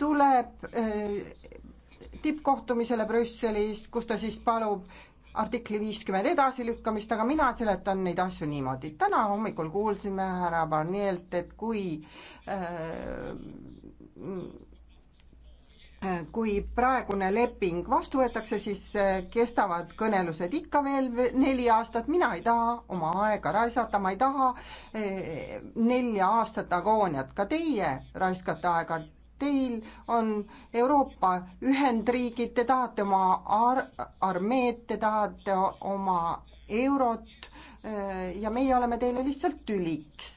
tuleb eh, tippkohtumisele Brüsselis, kus ta siis palub artikli viiskümmend edasilükkamist, aga mina seletan neid asju niimoodi. täna hommikul kuulsime härra Barnielt, et kui äh, kui praegune leping vastu võetakse, siis äh, kestavad kõnelused ikka veel neli aastat, mina ei taha oma aega raisata, ma ei taha äh, nelja aastat agooniat, ka teie raiskate aega. Teil on Euroopa Ühendriigid, te tahate oma ar armeed, te tahate oma eurot äh, ja meie oleme teile lihtsalt tüliks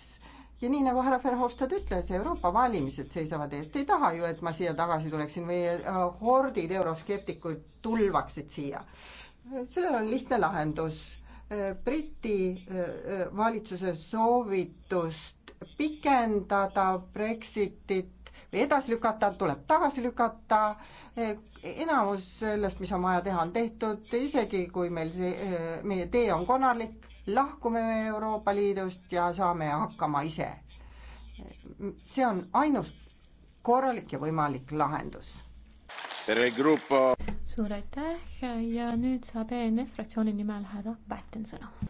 ja nii nagu härra Verhofstadt ütles, Euroopa valimised seisavad ees, te ei taha ju, et ma siia tagasi tuleksin või äh, hordid euroskeptikuid tulvaksid siia. sellel on lihtne lahendus. Äh, Briti äh, valitsuse soovitust pikendada Brexitit või edasi lükata, tuleb tagasi lükata. enamus sellest, mis on vaja teha, on tehtud, isegi kui meil see, meie tee on konarlik lahkume me Euroopa Liidust ja saame hakkama ise. see on ainus korralik ja võimalik lahendus. suur aitäh ja nüüd saab ENF fraktsiooni nimel härra Pätten sõna.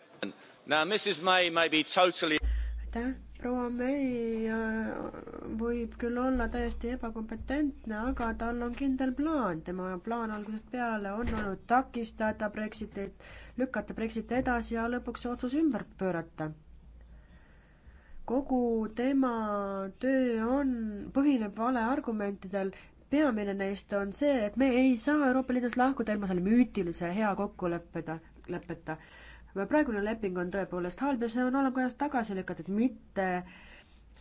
aitäh proua May äh, võib küll olla täiesti ebakompetentne, aga tal on kindel plaan, tema plaan algusest peale on olnud takistada Brexitit, lükata Brexit edasi ja lõpuks see otsus ümber pöörata. kogu tema töö on, põhineb valeargumentidel, peamine neist on see, et me ei saa Euroopa Liidust lahkuda ilma selle müütilise hea kokkuleppeda, leppeta praegune leping on tõepoolest halb ja see on alamkojas tagasi lükatud, mitte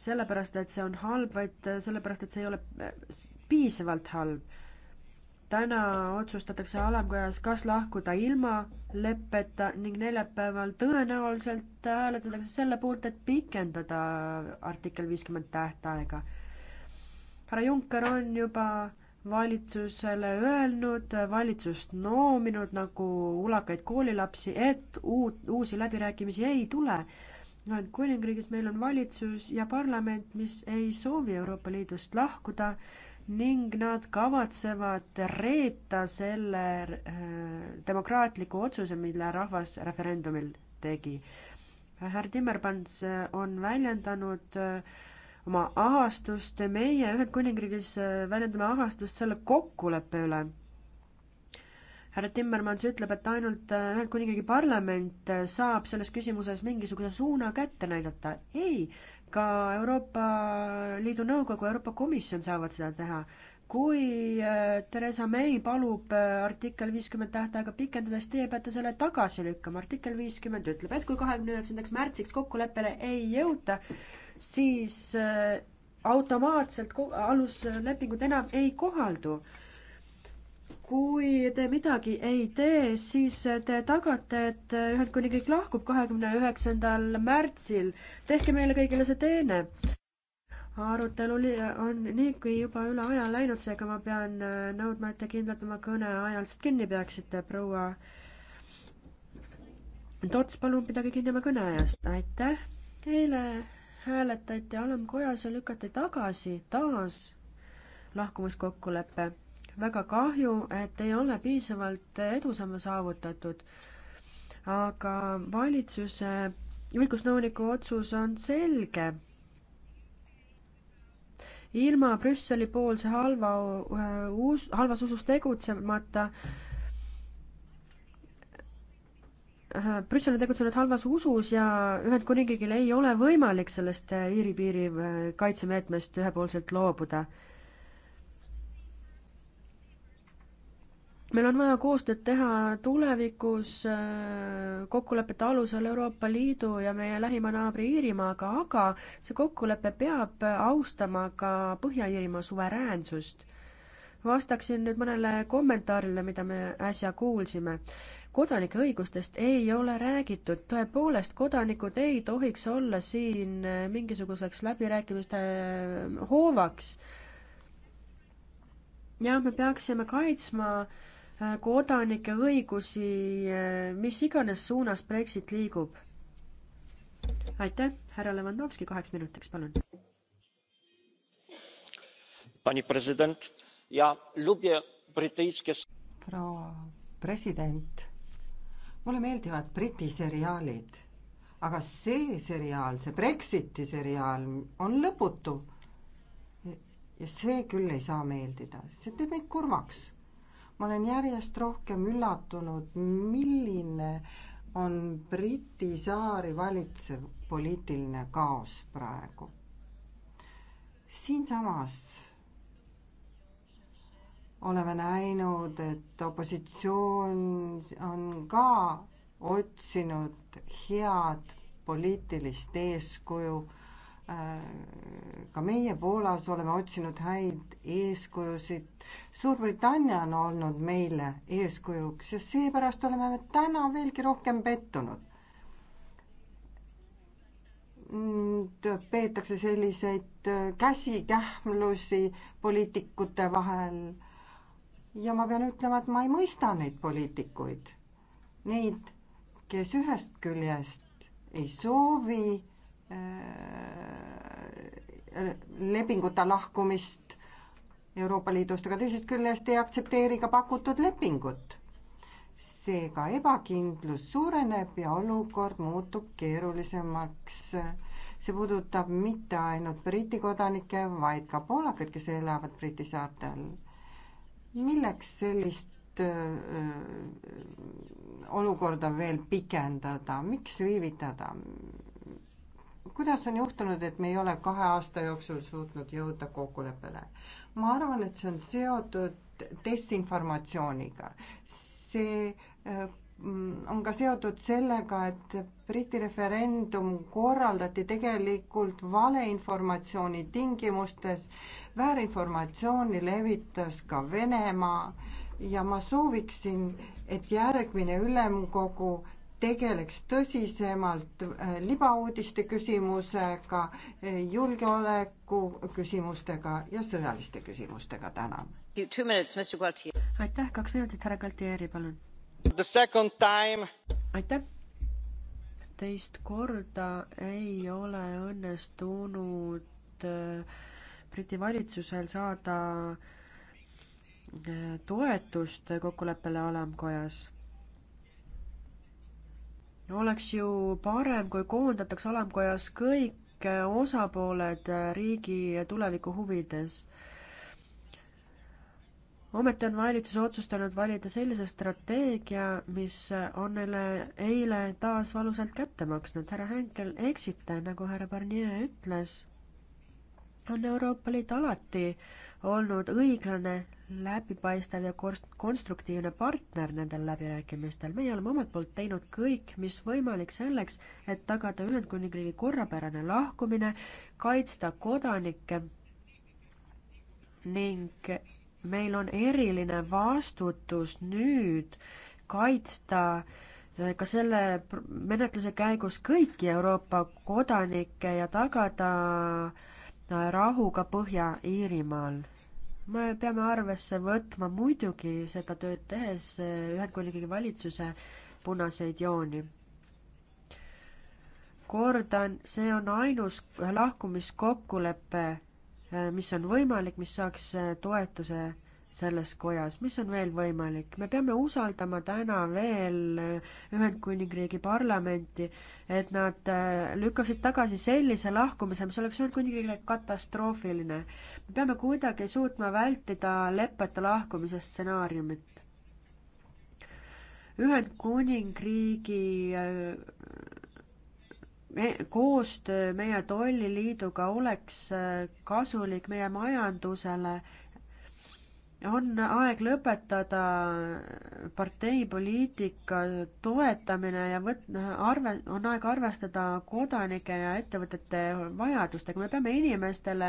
sellepärast, et see on halb, vaid sellepärast, et see ei ole piisavalt halb. täna otsustatakse alamkojas, kas lahkuda ilma leppeta ning neljapäeval tõenäoliselt hääletatakse selle poolt, et pikendada artikkel viiskümmend tähtaega. härra Juncker on juba valitsusele öelnud, valitsust noominud nagu ulakaid koolilapsi, et uut, uusi läbirääkimisi ei tule. Ühendkuningriigis meil on valitsus ja parlament, mis ei soovi Euroopa Liidust lahkuda ning nad kavatsevad reeta selle äh, demokraatliku otsuse, mille rahvas referendumil tegi. härra Timmerpans on väljendanud äh, oma ahastust, meie Ühendkuningriigis äh, väljendame ahastust selle kokkuleppe üle. härra Timmermans ütleb, et ainult äh, Ühendkuningriigi parlament äh, saab selles küsimuses mingisuguse suuna kätte näidata. ei, ka Euroopa Liidu Nõukogu, Euroopa Komisjon saavad seda teha kui Theresa May palub artikkel viiskümmend tähtaega pikendada, siis teie peate selle tagasi lükkama. artikkel viiskümmend ütleb, et kui kahekümne üheksandaks märtsiks kokkuleppele ei jõuta, siis äh, automaatselt aluslepingud enam ei kohaldu. kui te midagi ei tee, siis te tagate, et Ühendkuningriik lahkub kahekümne üheksandal märtsil. tehke meile kõigile see teene. arutelu on niikuinii juba üle aja läinud, seega ma pean äh, nõudma, et te kindlalt oma kõne ajast kinni peaksite, proua. Tots, palun pidage kinni oma kõne ajast, aitäh. Eile hääletati alamkojas ja lükati tagasi taas lahkumiskokkulepe. väga kahju, et ei ole piisavalt edusamme saavutatud. aga valitsuse õigusnõuniku otsus on selge. ilma Brüsseli poolse halva, äh, halvas usus tegutsemata äh, Äh, Brüssel on tegutsenud halvas usus ja Ühendkuningriigil ei ole võimalik sellest äh, Iiri piiri äh, kaitsemeetmest ühepoolselt loobuda. meil on vaja koostööd teha tulevikus kokkulepete alusel Euroopa Liidu ja meie lähima naabri Iirimaaga, aga see kokkulepe peab austama ka Põhja-Iirimaa suveräänsust vastaksin nüüd mõnele kommentaarile, mida me äsja kuulsime kodanike õigustest ei ole räägitud, tõepoolest, kodanikud ei tohiks olla siin äh, mingisuguseks läbirääkimiste äh, hoovaks. jah, me peaksime kaitsma äh, kodanike õigusi, mis iganes suunas Brexit liigub. aitäh, härra Levanovski, kaheks minutiks, palun. Pani president ja lubje briteiskes. proua president mulle meeldivad Briti seriaalid, aga see seriaal, see Brexiti seriaal on lõputu. ja see küll ei saa meeldida, see teeb mind kurvaks. ma olen järjest rohkem üllatunud, milline on Briti saari valitsev poliitiline kaos praegu. siinsamas oleme näinud, et opositsioon on ka otsinud head poliitilist eeskuju. Äh, ka meie Poolas oleme otsinud häid eeskujusid. Suurbritannia on olnud meile eeskujuks ja seepärast oleme me täna veelgi rohkem pettunud peetakse selliseid äh, käsikähmlusi poliitikute vahel ja ma pean ütlema, et ma ei mõista neid poliitikuid. Neid, kes ühest küljest ei soovi äh, lepinguta lahkumist Euroopa Liidust, aga teisest küljest ei aktsepteeri ka pakutud lepingut. seega ebakindlus suureneb ja olukord muutub keerulisemaks. see puudutab mitte ainult Briti kodanikke, vaid ka poolakaid, kes elavad Briti saartel milleks sellist äh, olukorda veel pikendada, miks viivitada? kuidas on juhtunud, et me ei ole kahe aasta jooksul suutnud jõuda kokkuleppele? ma arvan, et see on seotud desinformatsiooniga. see äh, Mm, on ka seotud sellega, et Briti referendum korraldati tegelikult valeinformatsiooni tingimustes, väärinformatsiooni levitas ka Venemaa ja ma sooviksin, et järgmine ülemkogu tegeleks tõsisemalt äh, libauudiste küsimusega, äh, julgeoleku küsimustega ja sõjaliste küsimustega, tänan. aitäh, kaks minutit, härra Galtieri, palun aitäh! teist korda ei ole õnnestunud äh, Briti valitsusel saada äh, toetust kokkuleppele alamkojas oleks ju parem, kui koondataks alamkojas kõik äh, osapooled riigi tuleviku huvides ometi on valitsus otsustanud valida sellise strateegia, mis on neile eile taas valusalt kätte maksnud. härra Henkel, eksite, nagu härra Barnier ütles, on Euroopa Liit alati olnud õiglane, läbipaistev ja konstruktiivne partner nendel läbirääkimistel. meie oleme omalt poolt teinud kõik, mis võimalik selleks, et tagada Ühendkuningriigi korrapärane lahkumine, kaitsta kodanikke ning meil on eriline vastutus nüüd kaitsta eh, ka selle menetluse käigus kõiki Euroopa kodanikke ja tagada eh, rahu ka Põhja-Iirimaal. me peame arvesse võtma muidugi seda tööd tehes eh, Ühendkuningriigi valitsuse punaseid jooni. kordan, see on ainus lahkumiskokkulepe Äh, mis on võimalik, mis saaks äh, toetuse selles kojas, mis on veel võimalik, me peame usaldama täna veel äh, Ühendkuningriigi parlamenti, et nad lükkasid tagasi sellise lahkumise, mis oleks Ühendkuningriigile katastroofiline. me peame kuidagi suutma vältida leppeta lahkumise stsenaariumit. Ühendkuningriigi me, koostöö meie tolliliiduga oleks äh, kasulik meie majandusele on aeg lõpetada parteipoliitika toetamine ja võtna arve, on aeg arvestada kodanike ja ettevõtete vajadustega, me peame inimestele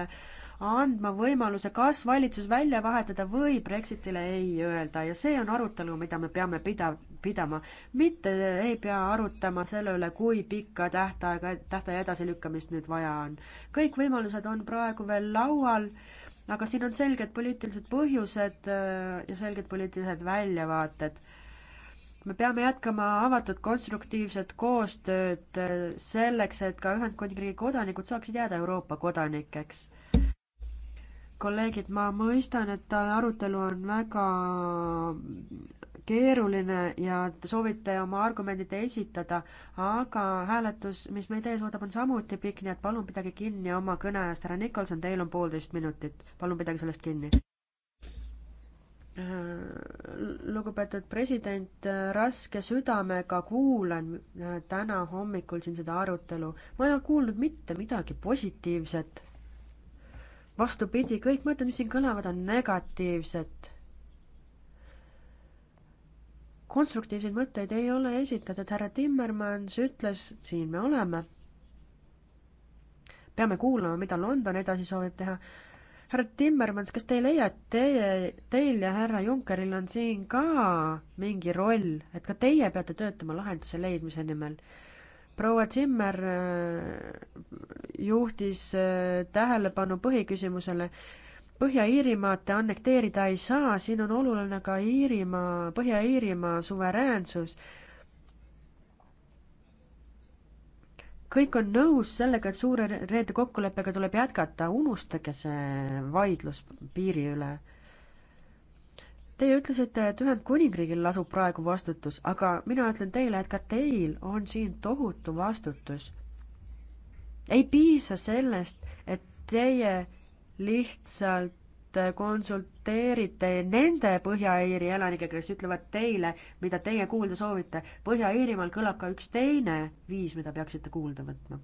andma võimaluse kas valitsus välja vahetada või Brexitile ei öelda ja see on arutelu, mida me peame pida-, pidama. mitte ei pea arutama selle üle, kui pikka tähtaega, tähtaja edasilükkamist nüüd vaja on. kõik võimalused on praegu veel laual aga siin on selged poliitilised põhjused äh, ja selged poliitilised väljavaated. me peame jätkama avatud konstruktiivset koostööd äh, selleks, et ka Ühendkuningriigi kodanikud saaksid jääda Euroopa kodanikeks. kolleegid, ma mõistan, et arutelu on väga keeruline ja te soovite oma argumendid esitada, aga hääletus, mis meid ees ootab, on samuti pikk, nii et palun pidage kinni oma kõne ajast. härra Nikolson, teil on poolteist minutit, palun pidage sellest kinni. Äh, lugupeetud president, äh, raske südamega kuulan äh, täna hommikul siin seda arutelu. ma ei ole kuulnud mitte midagi positiivset. vastupidi, kõik mõtted, mis siin kõlavad, on negatiivsed konstruktiivseid mõtteid ei ole esitatud, härra Timmermans ütles, siin me oleme. peame kuulama, mida London edasi soovib teha. härra Timmermans, kas te ei leia, et teie, teil ja härra Junckeril on siin ka mingi roll, et ka teie peate töötama lahenduse leidmise nimel? proua Zimmer äh, juhtis äh, tähelepanu põhiküsimusele Põhja-Iirimaad annekteerida ei saa, siin on oluline ka Iirimaa, Põhja-Iirimaa suveräänsus. kõik on nõus sellega, et suure reede kokkuleppega tuleb jätkata, unustage see vaidlus piiri üle. Teie ütlesite, et Ühendkuningriigil lasub praegu vastutus, aga mina ütlen teile, et ka teil on siin tohutu vastutus. ei piisa sellest, et teie lihtsalt konsulteerite nende Põhja-Iiri elanikega, kes ütlevad teile, mida teie kuulda soovite. Põhja-Iirimaal kõlab ka üks teine viis, mida peaksite kuulda võtma.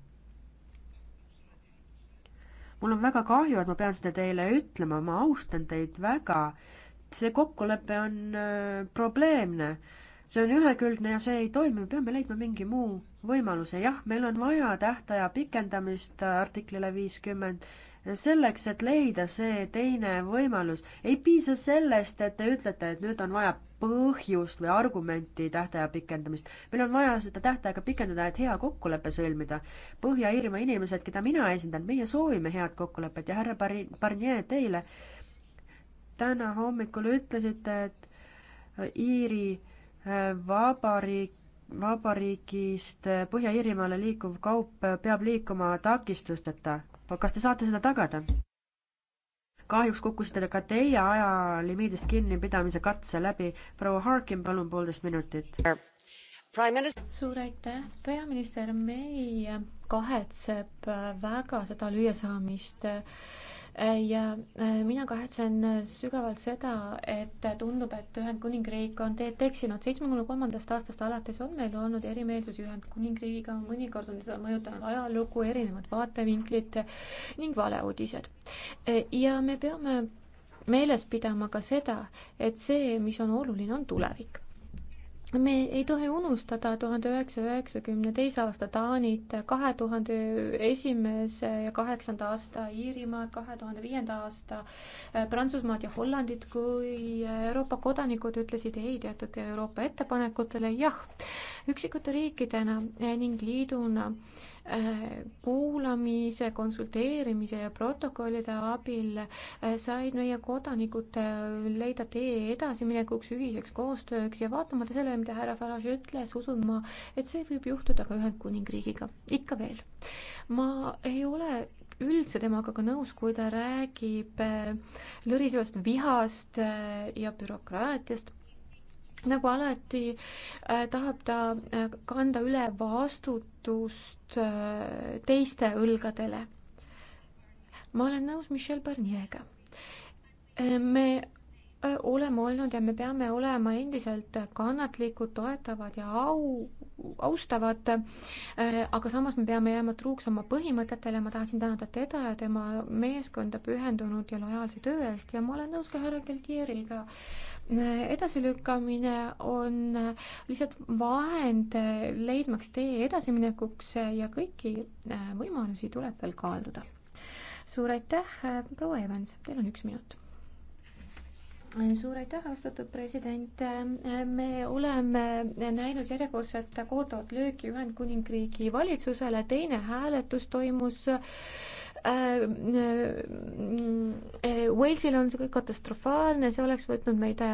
mul on väga kahju, et ma pean seda teile ütlema, ma austan teid väga. see kokkulepe on öö, äh, probleemne see on ühekülgne ja see ei toimi, me peame leidma mingi muu võimaluse, jah, meil on vaja tähtaja pikendamist artiklile viiskümmend selleks, et leida see teine võimalus, ei piisa sellest, et te ütlete, et nüüd on vaja põhjust või argumenti tähtaja pikendamist. meil on vaja seda tähtaega pikendada, et hea kokkulepe sõlmida. Põhja-Iirimaa inimesed, keda mina esindan, meie soovime head kokkulepet ja härra Bar-, Barnier, teile täna hommikul ütlesite, et Iiri äh, vabariik vabariigist äh, Põhja-Iirimaale liikuv kaup äh, peab liikuma takistusteta kas te saate seda tagada? kahjuks kukkusite ka teie ajalimiidist kinnipidamise katse läbi. proua Harkin, palun poolteist minutit. suur aitäh, peaminister May kahetseb väga seda lüüasaamist Äh, ja äh, mina kahetsen sügavalt seda, et tundub, et Ühendkuningriik on teed eksinud. seitsmekümne kolmandast aastast alates on meil olnud erimeelsusi Ühendkuningriigiga, mõnikord on seda mõjutanud ajalugu, erinevad vaatevinklid ning valeuudised. Äh, ja me peame meeles pidama ka seda, et see, mis on oluline, on tulevik me ei tohi unustada tuhande üheksasaja üheksakümne teise aasta Taanit, kahe tuhande esimese ja kaheksanda aasta Iirimaad, kahe tuhande viienda aasta äh, Prantsusmaad ja Hollandit, kui äh, Euroopa kodanikud ütlesid ei teatud Euroopa ettepanekutele jah üksikute riikidena äh, ning liiduna äh, kuulamise, konsulteerimise ja protokollide abil äh, said meie kodanikud äh, leida tee edasiminekuks, ühiseks koostööks ja vaatamata sellele, mida härra Farage ütles, usun ma, et see võib juhtuda ka Ühendkuningriigiga, ikka veel. ma ei ole üldse temaga ka nõus, kui ta räägib äh, lõrisevast vihast ja bürokraatiast nagu alati äh, tahab ta äh, kanda üle vastutust äh, teiste õlgadele. ma olen nõus Michel Barnier'ga. Äh, me oleme olnud ja me peame olema endiselt kannatlikud, toetavad ja au, austavad. Äh, aga samas me peame jääma truuks oma põhimõtetele, ma tahaksin tänada teda ja tema meeskonda pühendunud ja lojaalse töö eest ja ma olen nõus ka härra Kelgieriga. Äh, edasilükkamine on äh, lihtsalt vahend leidmaks tee edasiminekuks ja kõiki võimalusi tuleb veel kaaluda. suur aitäh, proua Evans, teil on üks minut suur aitäh, austatud president. me oleme näinud järjekordset kohutavat lööki Ühendkuningriigi valitsusele, teine hääletus toimus äh, äh, Walesil on see kõik katastrofaalne, see oleks võtnud meid äh,,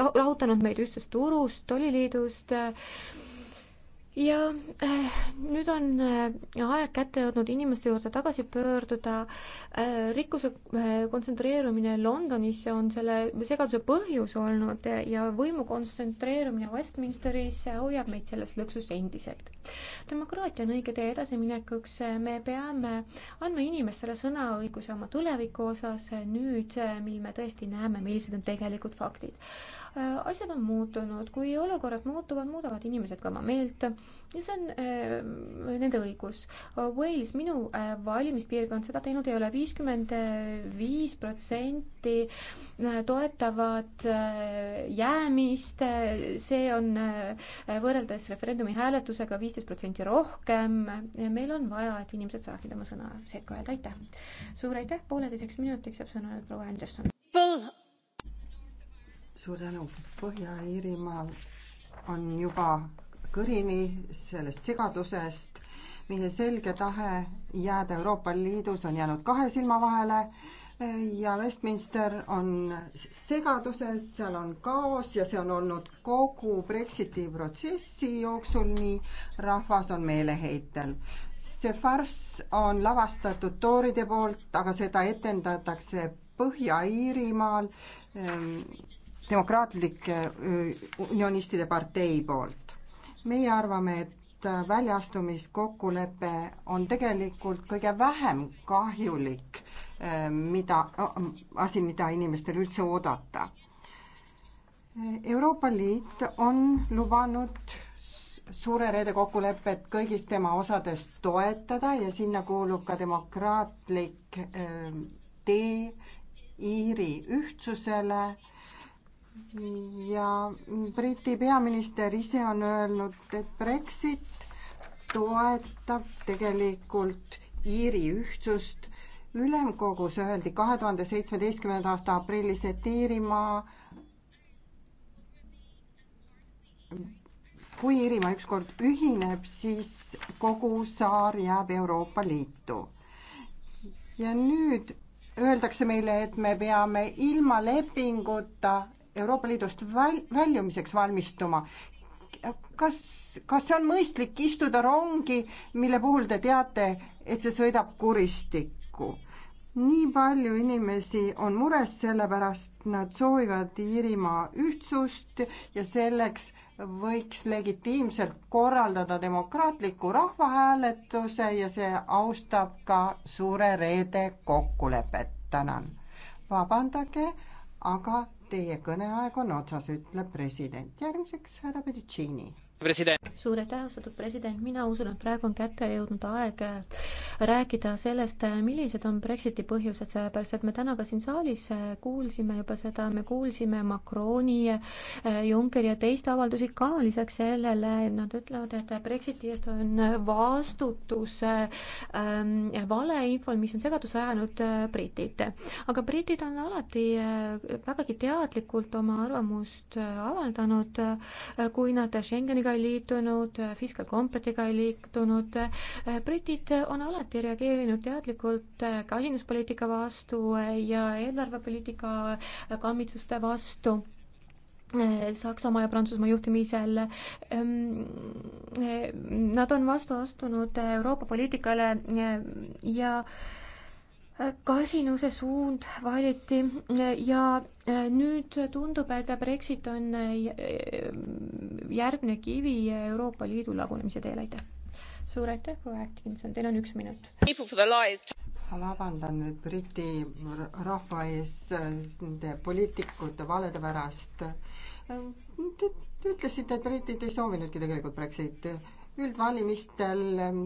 lahutanud meid ühtsest turust, tolliliidust äh,, ja äh, nüüd on äh, aeg kätte jõudnud inimeste juurde tagasi pöörduda äh,. rikkuse äh, kontsentreerumine Londonisse on selle segaduse põhjus olnud ja võimu kontsentreerumine Westminsteris hoiab meid selles lõksus endiselt. demokraatia on õige tee edasiminekuks, me peame andma inimestele sõnaõiguse oma tuleviku osas nüüd, mil me tõesti näeme, millised on tegelikult faktid Äh, asjad on muutunud, kui olukorrad muutuvad, muudavad inimesed ka oma meelt ja see on äh, nende õigus. Äh, Wales, minu äh, valimispiirkond seda teinud ei ole, viiskümmend viis protsenti äh, toetavad äh, jäämist, see on võrreldes referendumi hääletusega viisteist protsenti rohkem. meil on vaja, et inimesed saaksid oma sõna sekka öelda, aitäh. suur aitäh, pooleteiseks minutiks jääb sõna proua Anderson suur tänu. Põhja-Iirimaal on juba kõrini sellest segadusest. meie selge tahe jääda Euroopa Liidus on jäänud kahe silma vahele ja Westminster on segaduses, seal on kaos ja see on olnud kogu Brexiti protsessi jooksul nii, rahvas on meeleheitel. see farss on lavastatud tooride poolt, aga seda etendatakse Põhja-Iirimaal ähm, demokraatlike äh, unionistide partei poolt. meie arvame, et äh, väljaastumiskokkulepe on tegelikult kõige vähem kahjulik, äh, mida, asi, mida inimestel üldse oodata. Euroopa Liit on lubanud suure reede kokkulepet kõigis tema osades toetada ja sinna kuulub ka demokraatlik tee Iiri ühtsusele ja Briti peaminister ise on öelnud, et Brexit toetab tegelikult Iiri ühtsust. ülemkogus öeldi kahe tuhande seitsmeteistkümnenda aasta aprillis, et Iirimaa kui Iirimaa ükskord ühineb, siis kogu saar jääb Euroopa Liitu. ja nüüd öeldakse meile, et me peame ilma lepinguta Euroopa Liidust väl-, väljumiseks valmistuma. kas, kas see on mõistlik istuda rongi, mille puhul te teate, et see sõidab kuristikku? nii palju inimesi on mures, sellepärast nad soovivad Iirimaa ühtsust ja selleks võiks legitiimselt korraldada demokraatliku rahvahääletuse ja see austab ka Suure Reede kokkulepet. tänan. vabandage, aga Teie kõneaeg on otsas, ütleb president. järgmiseks härra Pedicini suur aitäh, austatud president, mina usun, et praegu on kätte jõudnud aeg äh, rääkida sellest, äh, millised on Brexiti põhjused, sellepärast et me täna ka siin saalis äh, kuulsime juba seda, me kuulsime Macroni, Junckeri ja teiste avaldusi ka lisaks sellele, nad ütlevad, et Brexiti eest on vastutus ähm, valeinfol, mis on segadusse ajanud britid. aga britid on alati vägagi teadlikult oma arvamust avaldanud, kui nad Schengeniga Euroliiduga ei liitunud, Fiscal Compactiga ei liitunud. britid on alati reageerinud teadlikult kasinuspoliitika vastu ja eelarvepoliitika kammitsuste vastu Saksamaa ja Prantsusmaa juhtimisel. Nad on vastu astunud Euroopa poliitikale ja kasinuse suund valiti ja e, nüüd tundub, et Brexit on e, järgmine kivi Euroopa Liidu lagunemise teel, aitäh. suur aitäh, proua Atkinson, teil on üks minut. ma vabandan nüüd Briti rahva ees nende poliitikute valede pärast. Te ütlesite, et britid ei soovinudki tegelikult Brexiti üldvalimistel ähm,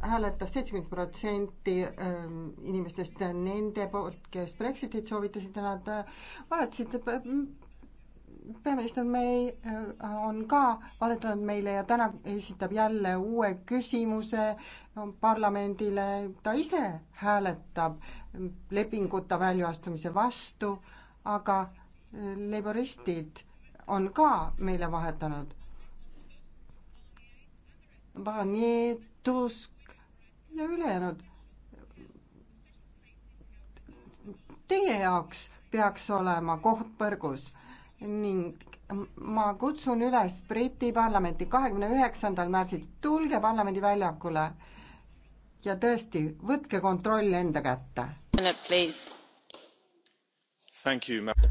hääletas seitsekümmend protsenti ähm, inimestest nende poolt, kes Brexitit soovitasid ja nad äh, valetasid äh, peaminister May äh, on ka valetanud meile ja täna esitab jälle uue küsimuse parlamendile. ta ise hääletab lepinguta väljaastumise vastu, aga laboristid on ka meile vahetanud Barnier, Tusk ja ülejäänud. Teie jaoks peaks olema koht põrgus ning ma kutsun üles Briti parlamenti kahekümne üheksandal märtsil, tulge parlamendi väljakule ja tõesti, võtke kontroll enda kätte.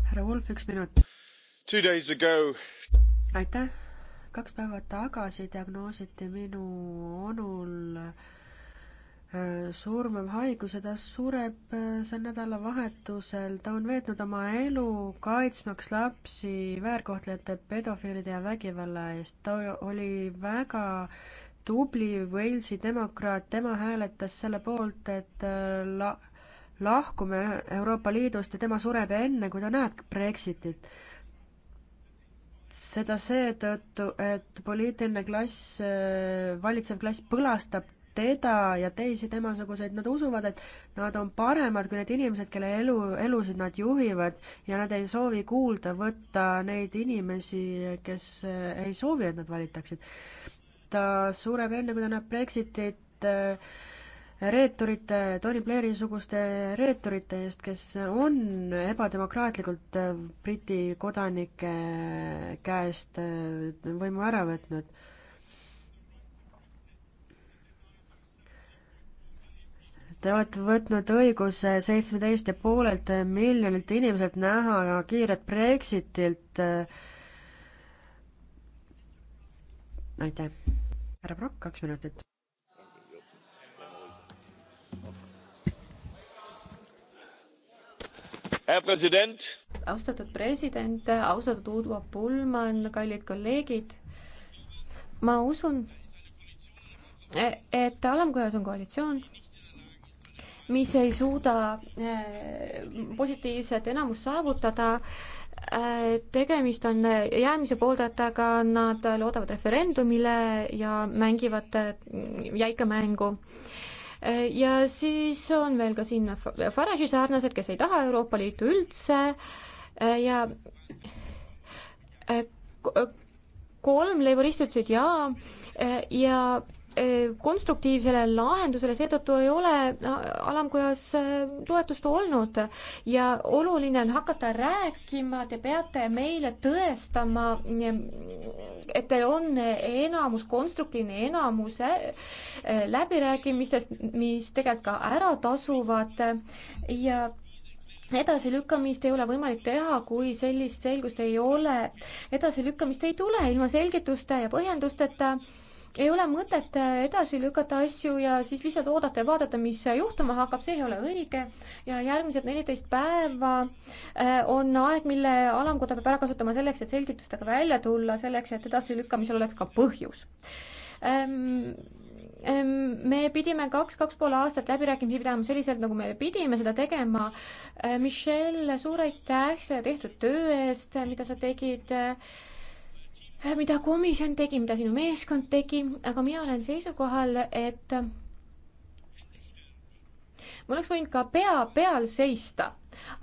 härra Wolf, üks minut. aitäh kaks päeva tagasi diagnoositi minu onul äh, surmav haigus ja ta sureb äh, sel nädalavahetusel. ta on veetnud oma elu kaitsmaks lapsi väärkohtlejate, pedofiilide ja vägivalla eest. ta oli väga tubli Walesi demokraat, tema hääletas selle poolt, et äh, la-, lahkume Euroopa Liidust ja tema sureb enne, kui ta näeb Brexitit seda seetõttu, et poliitiline klass, äh, valitsev klass põlastab teda ja teisi temasuguseid, nad usuvad, et nad on paremad kui need inimesed, kelle elu, elusid nad juhivad ja nad ei soovi kuulda võtta neid inimesi, kes äh, ei soovi, et nad valitaksid. ta sureb enne, kui ta näeb Brexitit äh, reeturite, Tony Blairi suguste reeturite eest, kes on ebademokraatlikult äh, Briti kodanike äh, käest äh, võimu ära võtnud te olete võtnud õiguse seitsmeteist ja poolelt miljonilt inimeselt näha kiiret Brexitilt. aitäh. härra Prokk, kaks minutit. austatud president, austatud Udo Bullmann, kallid kolleegid. ma usun, e, et alamkojas on koalitsioon, mis ei suuda e, positiivset enamust saavutada e, tegemist on jäämise pooldajatega, nad loodavad referendumile ja mängivad jäika mängu ja siis on veel ka sinna Farage'i sarnased, kes ei taha Euroopa Liitu üldse ja eh, kolm leiborist ütlesid jaa eh, ja Eh, konstruktiivsele lahendusele, seetõttu ei ole äh, alamkojas äh, toetust olnud ja oluline on hakata rääkima, te peate meile tõestama, et teil on enamus, konstruktiivne enamus äh, läbirääkimistest, mis tegelikult ka ära tasuvad ja edasilükkamist ei ole võimalik teha, kui sellist selgust ei ole. edasilükkamist ei tule ilma selgituste ja põhjendusteta ei ole mõtet äh, edasi lükata asju ja siis lihtsalt oodata ja vaadata, mis äh, juhtuma hakkab, see ei ole õige. ja järgmised neliteist päeva äh, on aeg, mille alamkoda peab ära kasutama selleks, et selgitustega välja tulla, selleks, et edasilükkamisel oleks ka põhjus ähm, me pidime kaks, kaks pool aastat läbirääkimisi pidama selliselt, nagu me pidime seda tegema. Michelle, suur aitäh selle tehtud töö eest, mida sa tegid äh, Äh, mida komisjon tegi, mida sinu meeskond tegi, aga mina olen seisukohal, et ma oleks võinud ka pea peal seista,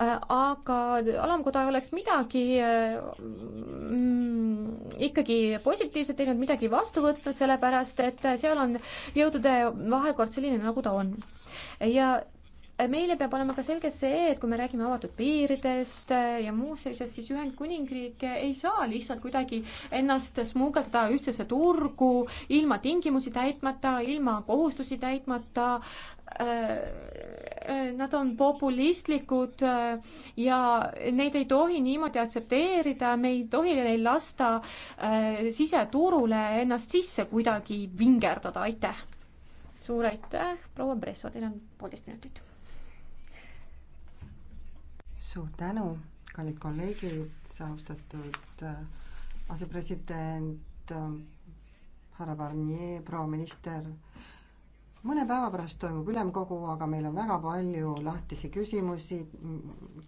äh, aga alamkoda oleks midagi äh, mm, ikkagi positiivset teinud, midagi vastu võtnud, sellepärast et seal on jõudude vahekord selline, nagu ta on. ja meile peab olema ka selge see, et kui me räägime avatud piiridest äh, ja muust sellisest, siis Ühendkuningriik äh, ei saa lihtsalt kuidagi ennast smugeldada ühtsesse turgu ilma tingimusi täitmata, ilma kohustusi täitmata. Äh, nad on populistlikud ja neid ei tohi niimoodi aktsepteerida, me ei tohi neil lasta siseturule ennast sisse kuidagi vingerdada, aitäh! suur aitäh, proua Bresso, teil on poolteist minutit suur tänu, kallid kolleegid, austatud äh, asepresident äh, härra Barnier, proua minister. mõne päeva pärast toimub ülemkogu, aga meil on väga palju lahtisi küsimusi,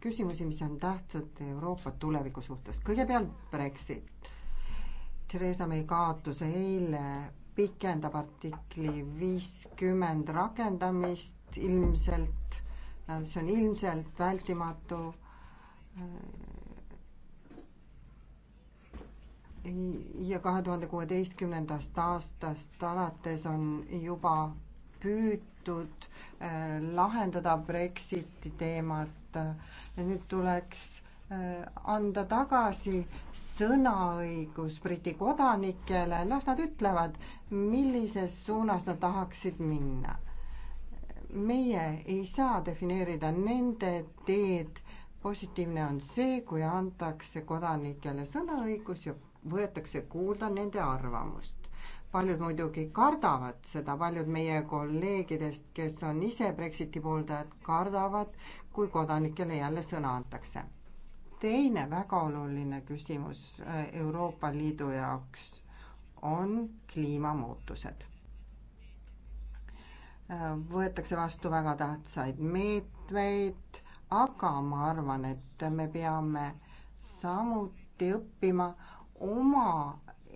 küsimusi, mis on tähtsad Euroopa tuleviku suhtes. kõigepealt Brexit. Theresa May kaotus eile pikendab artikli viiskümmend rakendamist ilmselt Äh, see on ilmselt vältimatu. Äh, ja kahe tuhande kuueteistkümnendast aastast alates on juba püütud äh, lahendada Brexiti teemat ja nüüd tuleks anda tagasi sõnaõigus Briti kodanikele, las nad ütlevad, millises suunas nad tahaksid minna meie ei saa defineerida nende teed. positiivne on see, kui antakse kodanikele sõnaõigus ja võetakse kuulda nende arvamust. paljud muidugi kardavad seda, paljud meie kolleegidest, kes on ise Brexiti pooldajad, kardavad, kui kodanikele jälle sõna antakse. teine väga oluline küsimus äh, Euroopa Liidu jaoks on kliimamuutused Äh, võetakse vastu väga tähtsaid meetmeid, aga ma arvan, et me peame samuti õppima oma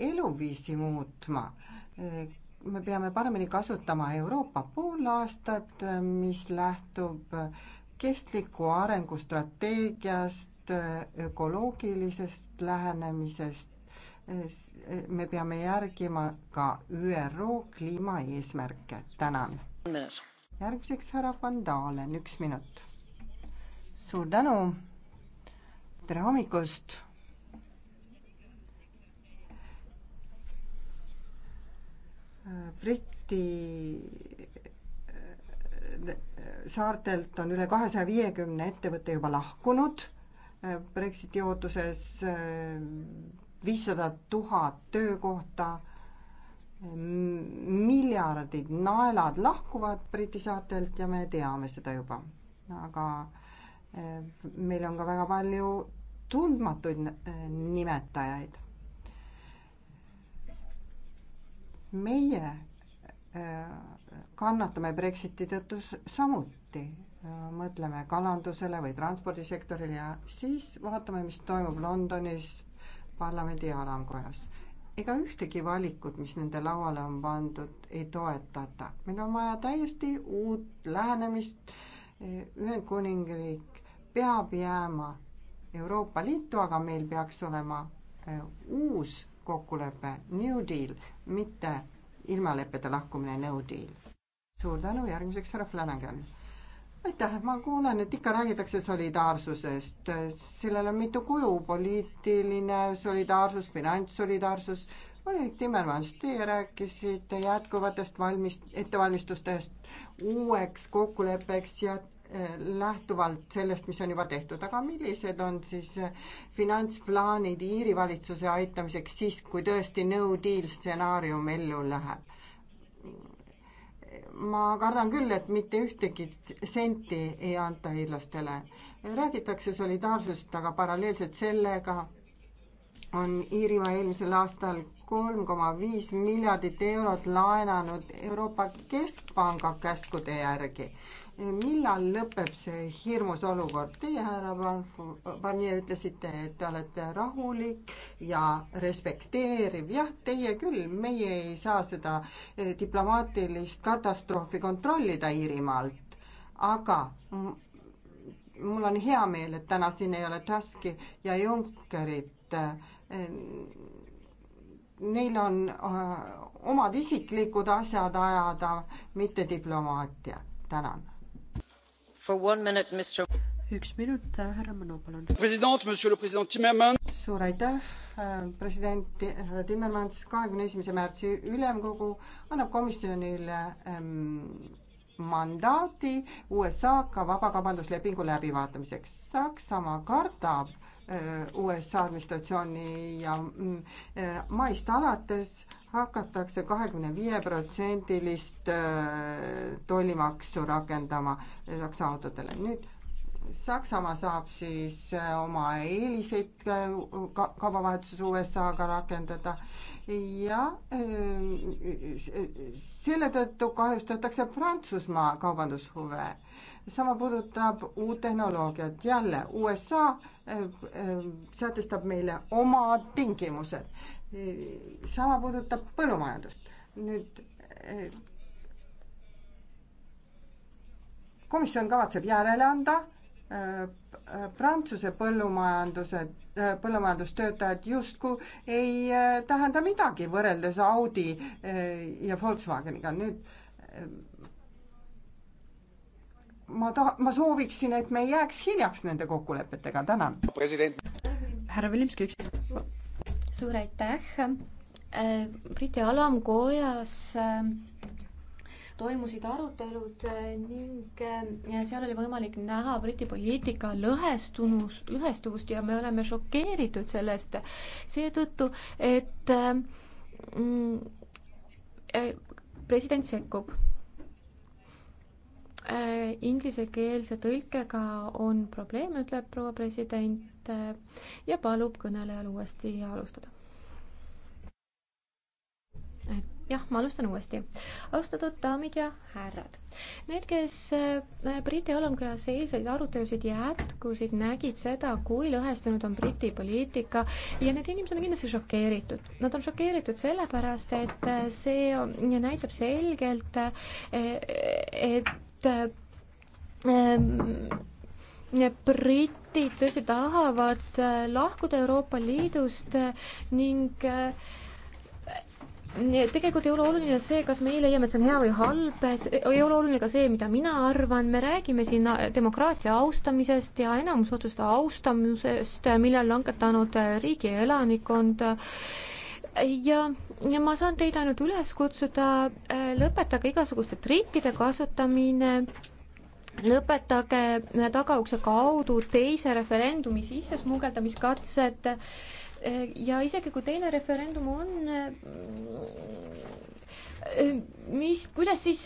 eluviisi muutma. Äh, me peame paremini kasutama Euroopa poolaastat, äh, mis lähtub kestliku arengu strateegiast, ökoloogilisest lähenemisest, me peame järgima ka ÜRO kliimaeesmärke. tänan järgmiseks härra Van Dalen, üks minut. suur tänu. tere hommikust. Briti äh, saartelt on üle kahesaja viiekümne ettevõtte juba lahkunud Brexiti ootuses äh, viissada tuhat töökohta miljardid naelad lahkuvad Briti saartelt ja me teame seda juba. aga eh, meil on ka väga palju tundmatuid eh, nimetajaid. meie eh, kannatame Brexiti tõttu samuti, mõtleme kalandusele või transpordisektorile ja siis vaatame, mis toimub Londonis parlamendi alamkojas ega ühtegi valikut, mis nende lauale on pandud, ei toetata. meil on vaja täiesti uut lähenemist. Ühendkuningriik peab jääma Euroopa Liitu, aga meil peaks olema äh, uus kokkulepe, New Deal, mitte ilma leppede lahkumine, no deal. suur tänu, järgmiseks härra Flanagan aitäh, ma kuulen, et ikka räägitakse solidaarsusest, sellel on mitu kuju, poliitiline solidaarsus, finantssolidaarsus. Valerik Timmermans, teie rääkisite jätkuvatest valmis, ettevalmistustest uueks kokkuleppeks ja eh, lähtuvalt sellest, mis on juba tehtud, aga millised on siis eh, finantsplaanid Iiri valitsuse aitamiseks siis, kui tõesti no deal stsenaarium ellu läheb? ma kardan küll, et mitte ühtegi senti ei anta hiidlastele. räägitakse solidaarsusest, aga paralleelselt sellega on Iirimaa eelmisel aastal kolm koma viis miljardit eurot laenanud Euroopa Keskpanga käskude järgi millal lõpeb see hirmus olukord? Teie, härra Barnier, ütlesite, et te olete rahulik ja respekteeriv. jah, teie küll, meie ei saa seda eh, diplomaatilist katastroofi kontrollida Iirimaalt, aga mul on hea meel, et täna siin ei ole Tuski ja Junckerit. Eh, neil on eh, omad isiklikud asjad ajada, mitte diplomaatia. tänan üks minut, äh, härra Mõnu, palun. suur aitäh, äh, president härra Timmermans, kahekümne esimese märtsi ülemkogu annab komisjonile ähm, mandaati USA-ga ka vabakaubanduslepingu läbivaatamiseks. Saksamaa kardab, USA administratsiooni ja mm, eh, maist alates hakatakse kahekümne viie protsendilist eh, tollimaksu rakendama eh, Saksa autodele. nüüd Saksamaa saab siis oma eeliseid ka kaubavahetuses USA-ga rakendada ja selle tõttu kahjustatakse Prantsusmaa kaubandushuve sama puudutab uut tehnoloogiat. jälle USA eh, eh, sätestab meile oma tingimused. sama puudutab põllumajandust. nüüd eh, komisjon kavatseb järele anda Prantsuse põllumajandused, põllumajandustöötajad justkui ei tähenda midagi võrreldes Audi ja Volkswageniga. nüüd ma taha, ma sooviksin, et me ei jääks hiljaks nende kokkulepetega, tänan. härra Vilimski, üks suur aitäh. Äh, Briti alamkojas äh, toimusid arutelud äh, ning seal oli võimalik näha Briti poliitika lõhestunus, lõhestuvust ja me oleme šokeeritud sellest seetõttu, et mm, president sekkub Äh, inglisekeelse tõlkega on probleem, ütleb proua president äh, ja palub kõnelejal uuesti alustada. Äh, jah, ma alustan uuesti. austatud daamid ja härrad. Need, kes Briti alamkojas eilseid arutelusid jätkusid, nägid seda, kui lõhestunud on Briti poliitika ja need inimesed on kindlasti šokeeritud. Nad on šokeeritud sellepärast, et see näitab selgelt, et et ehm, britid tõesti tahavad eh, lahkuda Euroopa Liidust eh, ning eh, tegelikult ei ole oluline see, kas meie leiame, et see on hea või halb, ei ole oluline ka see, mida mina arvan, me räägime siin demokraatia austamisest ja enamusotsuste austamisest, mille on langetanud riigi elanikkond ja ma saan teid ainult üles kutsuda, äh, lõpetage igasuguste trikkide kasutamine, lõpetage äh, tagaukse kaudu teise referendumi sisse smugeldamiskatsed äh, ja isegi kui teine referendum on, mis, kuidas siis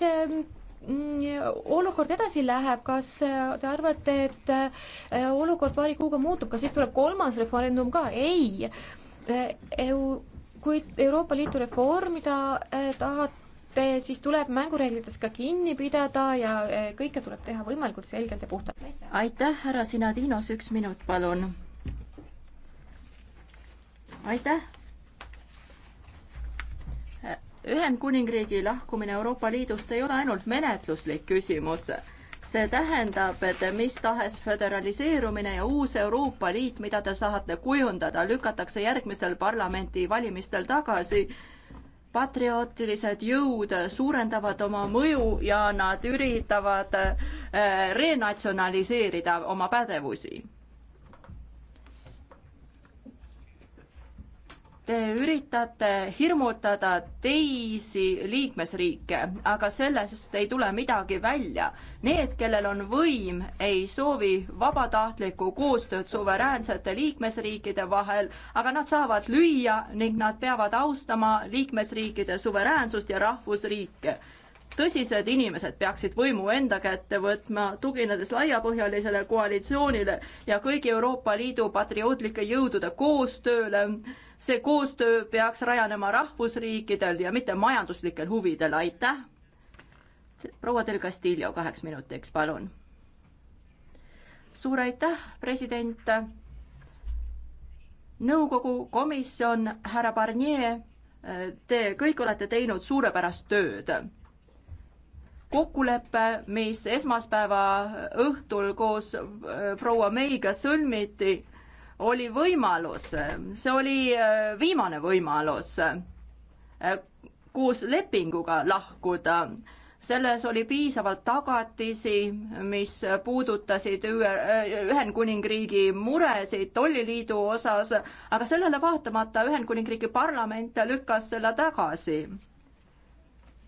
olukord edasi läheb, kas te arvate, et olukord paari kuuga muutub, kas siis tuleb kolmas referendum ka? ei. EU kui Euroopa Liitu reformida eh, tahate, siis tuleb mängureeglitest ka kinni pidada ja eh, kõike tuleb teha võimalikult selgelt ja puhtalt. aitäh, härra Sinadinos, üks minut, palun. aitäh. Ühendkuningriigi lahkumine Euroopa Liidust ei ole ainult menetluslik küsimus see tähendab, et mis tahes föderaliseerumine ja uus Euroopa Liit, mida te tahate kujundada, lükatakse järgmistel parlamendivalimistel tagasi. patriootilised jõud suurendavad oma mõju ja nad üritavad eh, renatsionaliseerida oma pädevusi Te üritate hirmutada teisi liikmesriike, aga sellest ei tule midagi välja. Need, kellel on võim, ei soovi vabatahtlikku koostööd suveräänsete liikmesriikide vahel, aga nad saavad lüüa ning nad peavad austama liikmesriikide suveräänsust ja rahvusriike tõsised inimesed peaksid võimu enda kätte võtma, tuginedes laiapõhjalisele koalitsioonile ja kõigi Euroopa Liidu patriootlike jõudude koostööle see koostöö peaks rajanema rahvusriikidel ja mitte majanduslikel huvidel, aitäh. proua Del Castillo kaheks minutiks, palun. suur aitäh, president. nõukogu komisjon, härra Barnier, te kõik olete teinud suurepärast tööd kokkulepe, mis esmaspäeva õhtul koos äh, proua Meiga sõlmiti, oli võimalus, see oli äh, viimane võimalus, äh, koos lepinguga lahkuda selles oli piisavalt tagatisi, mis puudutasid äh, Ühendkuningriigi muresid tolliliidu osas, aga sellele vaatamata Ühendkuningriigi parlament lükkas selle tagasi.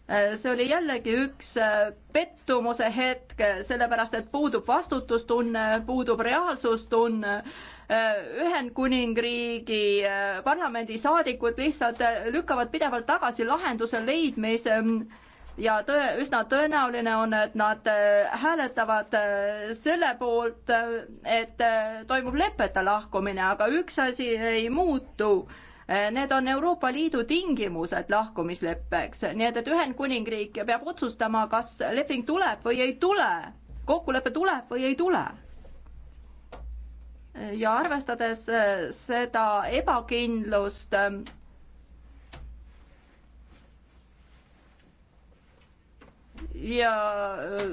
Äh, see oli jällegi üks äh, pettumuse hetk, sellepärast et puudub vastutustunne, puudub reaalsustunne. Äh, Ühendkuningriigi parlamendisaadikud lihtsalt lükkavad pidevalt tagasi lahenduse leidmise mm, ja tõe, üsna tõenäoline on, et nad hääletavad selle poolt, et toimub lepeta lahkumine, aga üks asi ei muutu Need on Euroopa Liidu tingimused lahkumisleppeks, nii et, et Ühendkuningriik peab otsustama, kas leping tuleb või ei tule, kokkulepe tuleb või ei tule ja arvestades äh, seda ebakindlust, äh, ja äh,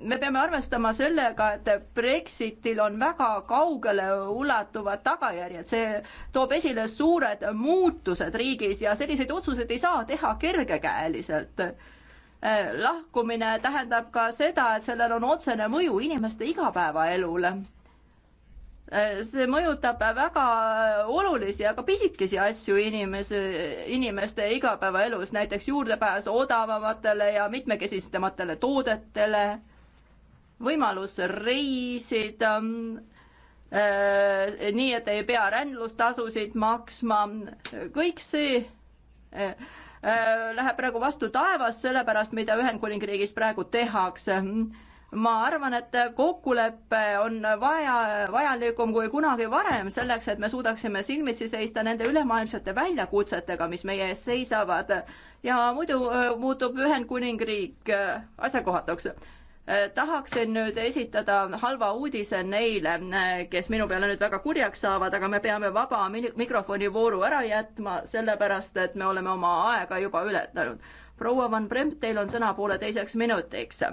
me peame arvestama sellega, et Brexitil on väga kaugele ulatuvad tagajärjed, see toob esile suured muutused riigis ja selliseid otsuseid ei saa teha kergekäeliselt. lahkumine tähendab ka seda, et sellel on otsene mõju inimeste igapäevaelule. see mõjutab väga olulisi, aga pisikesi asju inimese, inimeste igapäevaelus, näiteks juurdepääs odavamatele ja mitmekesistamatele toodetele võimalus reisida äh,, nii et ei pea rändlustasusid maksma, kõik see äh, äh, läheb praegu vastu taevas, sellepärast mida Ühendkuningriigis praegu tehakse. ma arvan, et kokkulepe on vaja, vajalikum kui kunagi varem selleks, et me suudaksime silmitsi seista nende ülemaailmsete väljakutsetega, mis meie ees seisavad ja muidu äh, muutub Ühendkuningriik äh, asjakohatuks Äh, tahaksin nüüd esitada halva uudise neile, äh, kes minu peale nüüd väga kurjaks saavad, aga me peame vaba mikrofoni vooru ära jätma, sellepärast et me oleme oma aega juba ületanud. proua Van Brempt, teil on sõna pooleteiseks minutiks.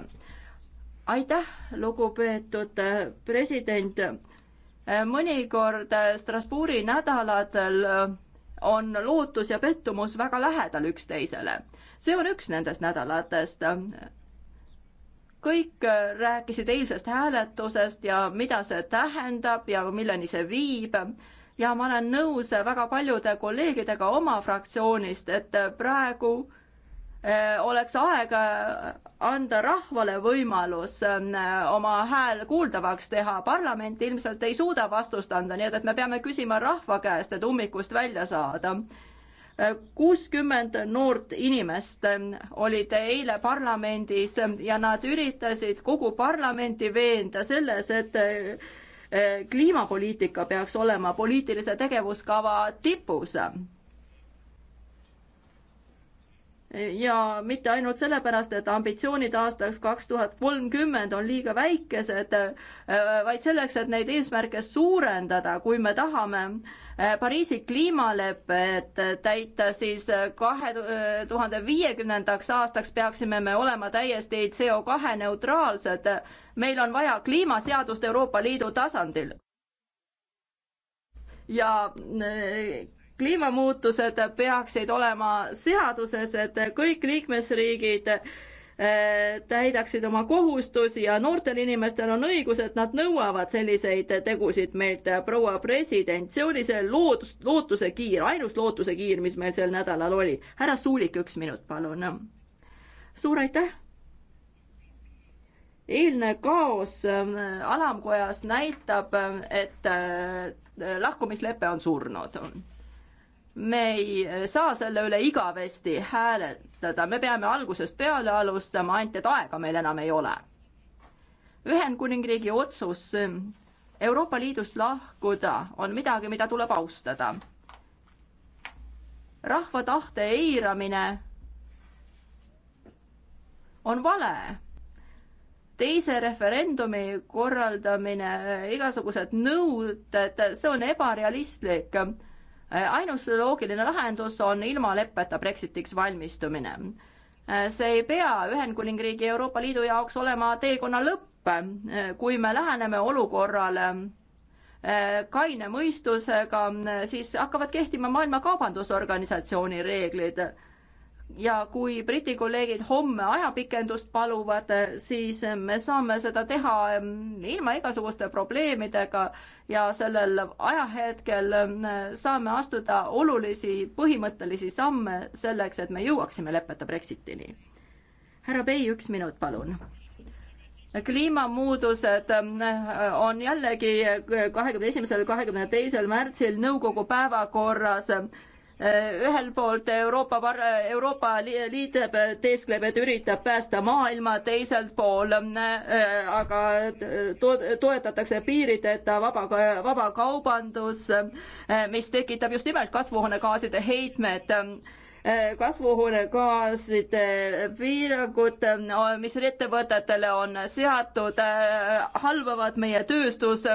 aitäh, lugupeetud äh, president. mõnikord Strasbourgi nädaladel on lootus ja pettumus väga lähedal üksteisele. see on üks nendest nädalatest kõik äh, rääkisid eilsest hääletusest ja mida see tähendab ja milleni see viib. ja ma olen nõus väga paljude kolleegidega oma fraktsioonist, et praegu äh, oleks aeg äh, anda rahvale võimalus ähm, oma hääl kuuldavaks teha. parlament ilmselt ei suuda vastust anda, nii et, et me peame küsima rahva käest, et ummikust välja saada kuuskümmend noort inimest olid eile parlamendis ja nad üritasid kogu parlamenti veenda selles, et eh, kliimapoliitika peaks olema poliitilise tegevuskava tipus ja mitte ainult sellepärast, et ambitsioonid aastaks kaks tuhat kolmkümmend on liiga väikesed, äh, vaid selleks, et neid eesmärke suurendada, kui me tahame äh, Pariisi kliimalepet täita, siis kahe tuhande viiekümnendaks aastaks peaksime me olema täiesti CO kahe neutraalsed. meil on vaja kliimaseadust Euroopa Liidu tasandil ja äh, kliimamuutused peaksid olema seaduses, et kõik liikmesriigid eh, täidaksid oma kohustusi ja noortel inimestel on õigus, et nad nõuavad selliseid tegusid meilt, proua president, see oli see lood-, lootusekiir, ainus lootusekiir, mis meil sel nädalal oli. härra Suulik, üks minut, palun. suur aitäh! eilne kaos eh, alamkojas näitab, eh, et lahkumislepe on surnud me ei saa selle üle igavesti hääletada, me peame algusest peale alustama, ainult et aega meil enam ei ole. Ühendkuningriigi otsus Euroopa Liidust lahkuda on midagi, mida tuleb austada. rahva tahte eiramine on vale. teise referendumi korraldamine, igasugused nõuded, see on ebarealistlik Äh, ainus loogiline lahendus on ilma leppeta Brexitiks valmistumine. Äh, see ei pea Ühendkuningriigi Euroopa Liidu jaoks olema teekonna lõpp, äh, kui me läheneme olukorrale kaine mõistusega, siis hakkavad kehtima Maailma Kaubandusorganisatsiooni reeglid ja kui Briti kolleegid homme ajapikendust paluvad, siis me saame seda teha ilma igasuguste probleemidega ja sellel ajahetkel saame astuda olulisi põhimõttelisi samme selleks, et me jõuaksime leppeta Brexitini. härra Bey, üks minut, palun kliimamuutused on jällegi kahekümne esimesel, kahekümne teisel märtsil nõukogu päevakorras Äh, ühel poolt Euroopa, äh, Euroopa Liit äh, teeskleb, et üritab päästa maailma, teiselt pool aga to toetatakse piirideta vaba, vabakaubandus, mis tekitab just nimelt kasvuhoonegaaside heitmed kasvuhoonegaaside piirangud, mis ettevõtetele on seatud, halvavad meie tööstus.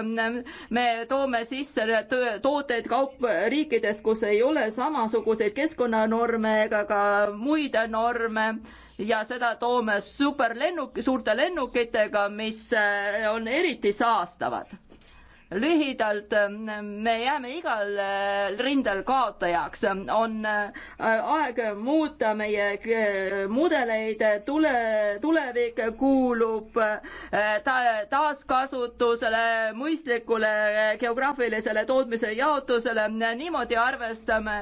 me toome sisse tooteid kaup riikidest, kus ei ole samasuguseid keskkonnanorme ega ka muid norme ja seda toome superlennuk, suurte lennukitega, mis on eriti saastavad lühidalt, me jääme igal rindel kaotajaks, on äh, aeg muuta meie äh, mudeleid, tule, tulevik kuulub äh, ta, taaskasutusele, mõistlikule geograafilisele tootmise jaotusele, niimoodi arvestame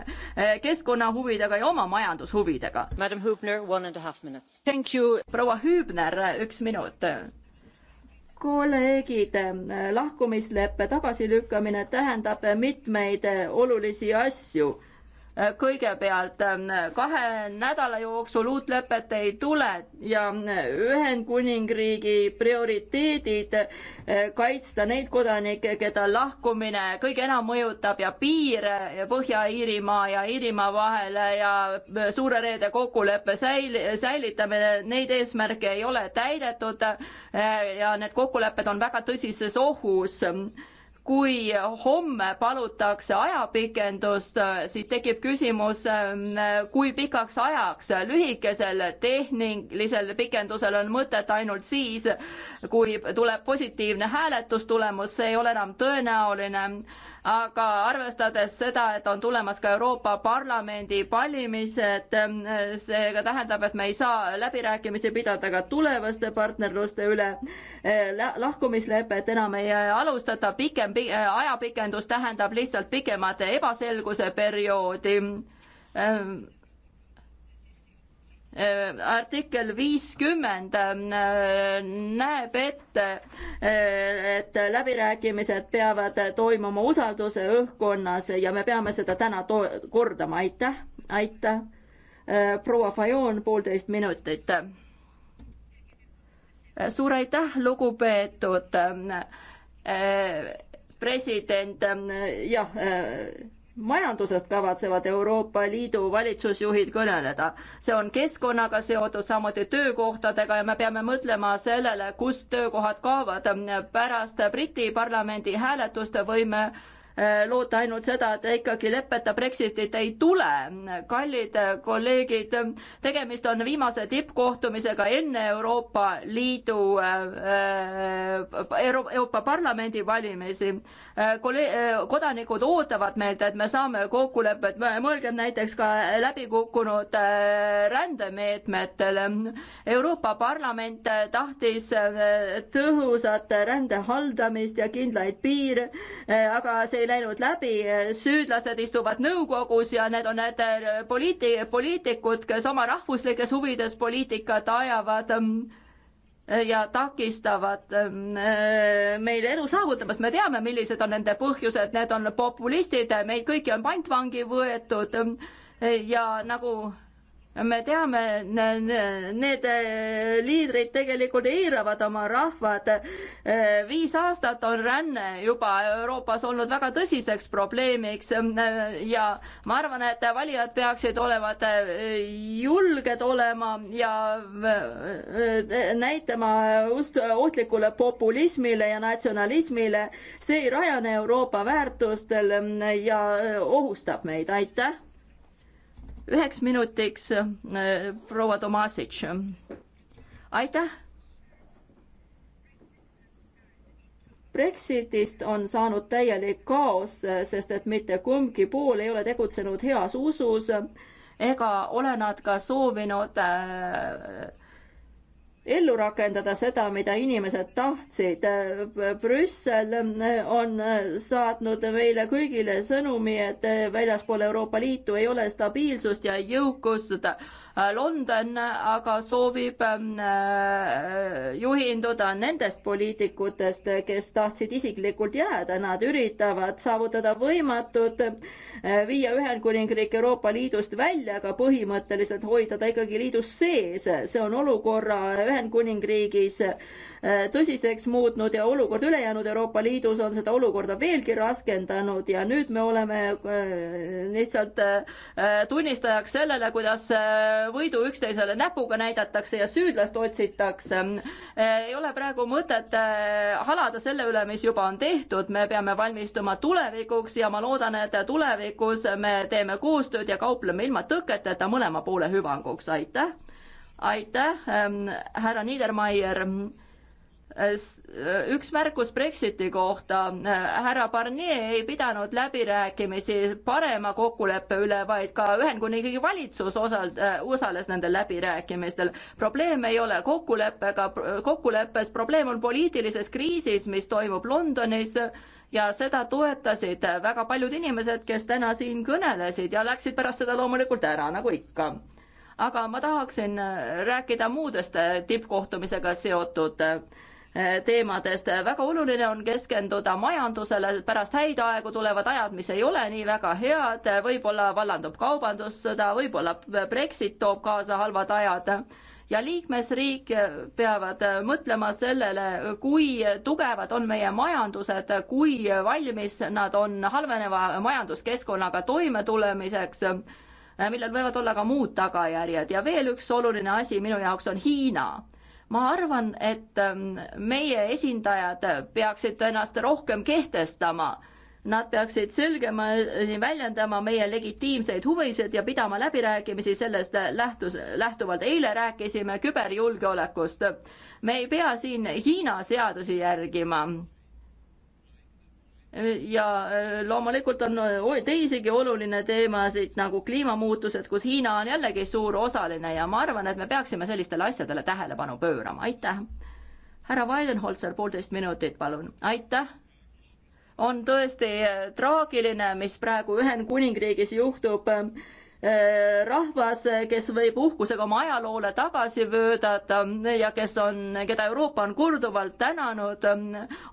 keskkonnahuvidega ja oma majandushuvidega. proua Hübner, üks minut kolleegid, lahkumisleppe tagasilükkamine tähendab mitmeid olulisi asju kõigepealt ähm, kahe nädala jooksul uut lepet ei tule ja äh, Ühendkuningriigi prioriteedid äh, kaitsta neid kodanikke, keda lahkumine kõige enam mõjutab ja piir äh, Põhja-Iirimaa ja Iirimaa vahele ja suure reede kokkuleppe säil-, säilitamine, neid eesmärke ei ole täidetud ja need kokkulepped on väga tõsises ohus kui homme palutakse ajapikendust, siis tekib küsimus, kui pikaks ajaks. lühikesel tehnilisel pikendusel on mõtet ainult siis, kui tuleb positiivne hääletustulemus, see ei ole enam tõenäoline aga arvestades seda, et on tulemas ka Euroopa Parlamendi valimised, ehm, see tähendab, et me ei saa läbirääkimisi pidada ka tulevaste partnerluste üle. Eh, lahkumislepet enam ei eh, alustata, pikem eh, ajapikendus tähendab lihtsalt pikemat ebaselguse perioodi ehm, Äh, artikkel viiskümmend äh, näeb ette, äh, et läbirääkimised peavad toimuma usalduse õhkkonnas ja me peame seda täna kordama, aitäh, aitäh. proua Fajon, poolteist minutit. suur aitäh, lugupeetud president, jah majandusest kavatsevad Euroopa Liidu valitsusjuhid kõneleda. see on keskkonnaga seotud, samuti töökohtadega ja me peame mõtlema sellele, kust töökohad kaovad. pärast Briti parlamendi hääletust võime Äh, loota ainult seda, et ikkagi lepeta Brexitit ei tule. kallid kolleegid, tegemist on viimase tippkohtumisega enne Euroopa Liidu Euro, äh, äh, Euroopa Parlamendi valimisi. kodanikud ootavad meilt, et me saame kokkulepet, mõelgem näiteks ka läbikukkunud rändemeetmetele. Euroopa Parlament tahtis tõhusat rände haldamist ja kindlaid piire, aga see ei läinud läbi, süüdlased istuvad nõukogus ja need on need äh, poliiti-, poliitikud, kes oma rahvuslikes huvides poliitikat ajavad ähm, ja takistavad ähm, äh, meil elu saavutamast, me teame, millised on nende põhjused, need on populistid, meid kõiki on pantvangi võetud ja nagu me teame, need äh, liidrid tegelikult eiravad oma rahvad. Äh, viis aastat on ränne juba Euroopas olnud väga tõsiseks probleemiks äh, ja ma arvan, et valijad peaksid olema julged olema ja näitama just ohtlikule populismile ja natsionalismile. see ei rajane Euroopa väärtustel ja ohustab meid, aitäh üheks minutiks äh, proua Tomasic. aitäh. Brexitist on saanud täielik kaos, sest et mitte kumbki pool ei ole tegutsenud heas usus ega ole nad ka soovinud äh, ellu rakendada seda, mida inimesed tahtsid. Brüssel on saatnud meile kõigile sõnumi, et väljaspool Euroopa Liitu ei ole stabiilsust ja jõukust Äh, London äh, aga soovib ähm, äh, juhinduda nendest poliitikutest, kes tahtsid isiklikult jääda, nad üritavad saavutada võimatut, viia Ühendkuningriik Euroopa Liidust välja, aga põhimõtteliselt hoida ta ikkagi liidus sees, see on olukorra Ühendkuningriigis Äh, tõsiseks muutnud ja olukord ülejäänud Euroopa Liidus on seda olukorda veelgi raskendanud ja nüüd me oleme äh, lihtsalt äh, tunnistajaks sellele, kuidas võidu üksteisele näpuga näidatakse ja süüdlast otsitakse. ei ole praegu mõtet halada selle üle, mis juba on tehtud, me peame valmistuma tulevikuks ja ma loodan, et tulevikus me teeme koostööd ja kaupleme ilma tõketeta mõlema poole hüvanguks, aitäh! aitäh ähm,, härra Niedermeier ähm,. Äh, üks märkus Brexiti kohta. härra Barnier ei pidanud läbirääkimisi parema kokkuleppe üle, vaid ka Ühendkuningriigi valitsus osal-, äh, osales nendel läbirääkimistel. probleem ei ole kokkuleppega, kokkuleppes, probleem on poliitilises kriisis, mis toimub Londonis ja seda toetasid väga paljud inimesed, kes täna siin kõnelesid ja läksid pärast seda loomulikult ära, nagu ikka aga ma tahaksin äh, rääkida muudest tippkohtumisega seotud äh, Eh, teemadest. väga oluline on keskenduda majandusele, pärast häid aegu tulevad ajad, mis ei ole nii väga head, võib-olla vallandub kaubandussõda, võib-olla Brexit toob kaasa halvad ajad ja liikmesriik peavad mõtlema sellele, kui tugevad on meie majandused, kui valmis nad on halveneva majanduskeskkonnaga toimetulemiseks, millel võivad olla ka muud tagajärjed ja veel üks oluline asi minu jaoks on Hiina ma arvan, et ähm, meie esindajad peaksid ennast rohkem kehtestama. Nad peaksid selgemini äh, väljendama meie legitiimseid huvisid ja pidama läbirääkimisi sellest lähtus, lähtuvalt. eile rääkisime küberjulgeolekust. me ei pea siin Hiina seadusi järgima ja äh, loomulikult on äh, teisigi oluline teemasid nagu kliimamuutused, kus Hiina on jällegi suur osaline ja ma arvan, et me peaksime sellistele asjadele tähelepanu pöörama, aitäh. härra Weidenholzer, poolteist minutit, palun, aitäh. on tõesti äh, traagiline, mis praegu Ühendkuningriigis juhtub rahvas, kes võib uhkusega oma ajaloole tagasi vöödata ja kes on, keda Euroopa on korduvalt tänanud,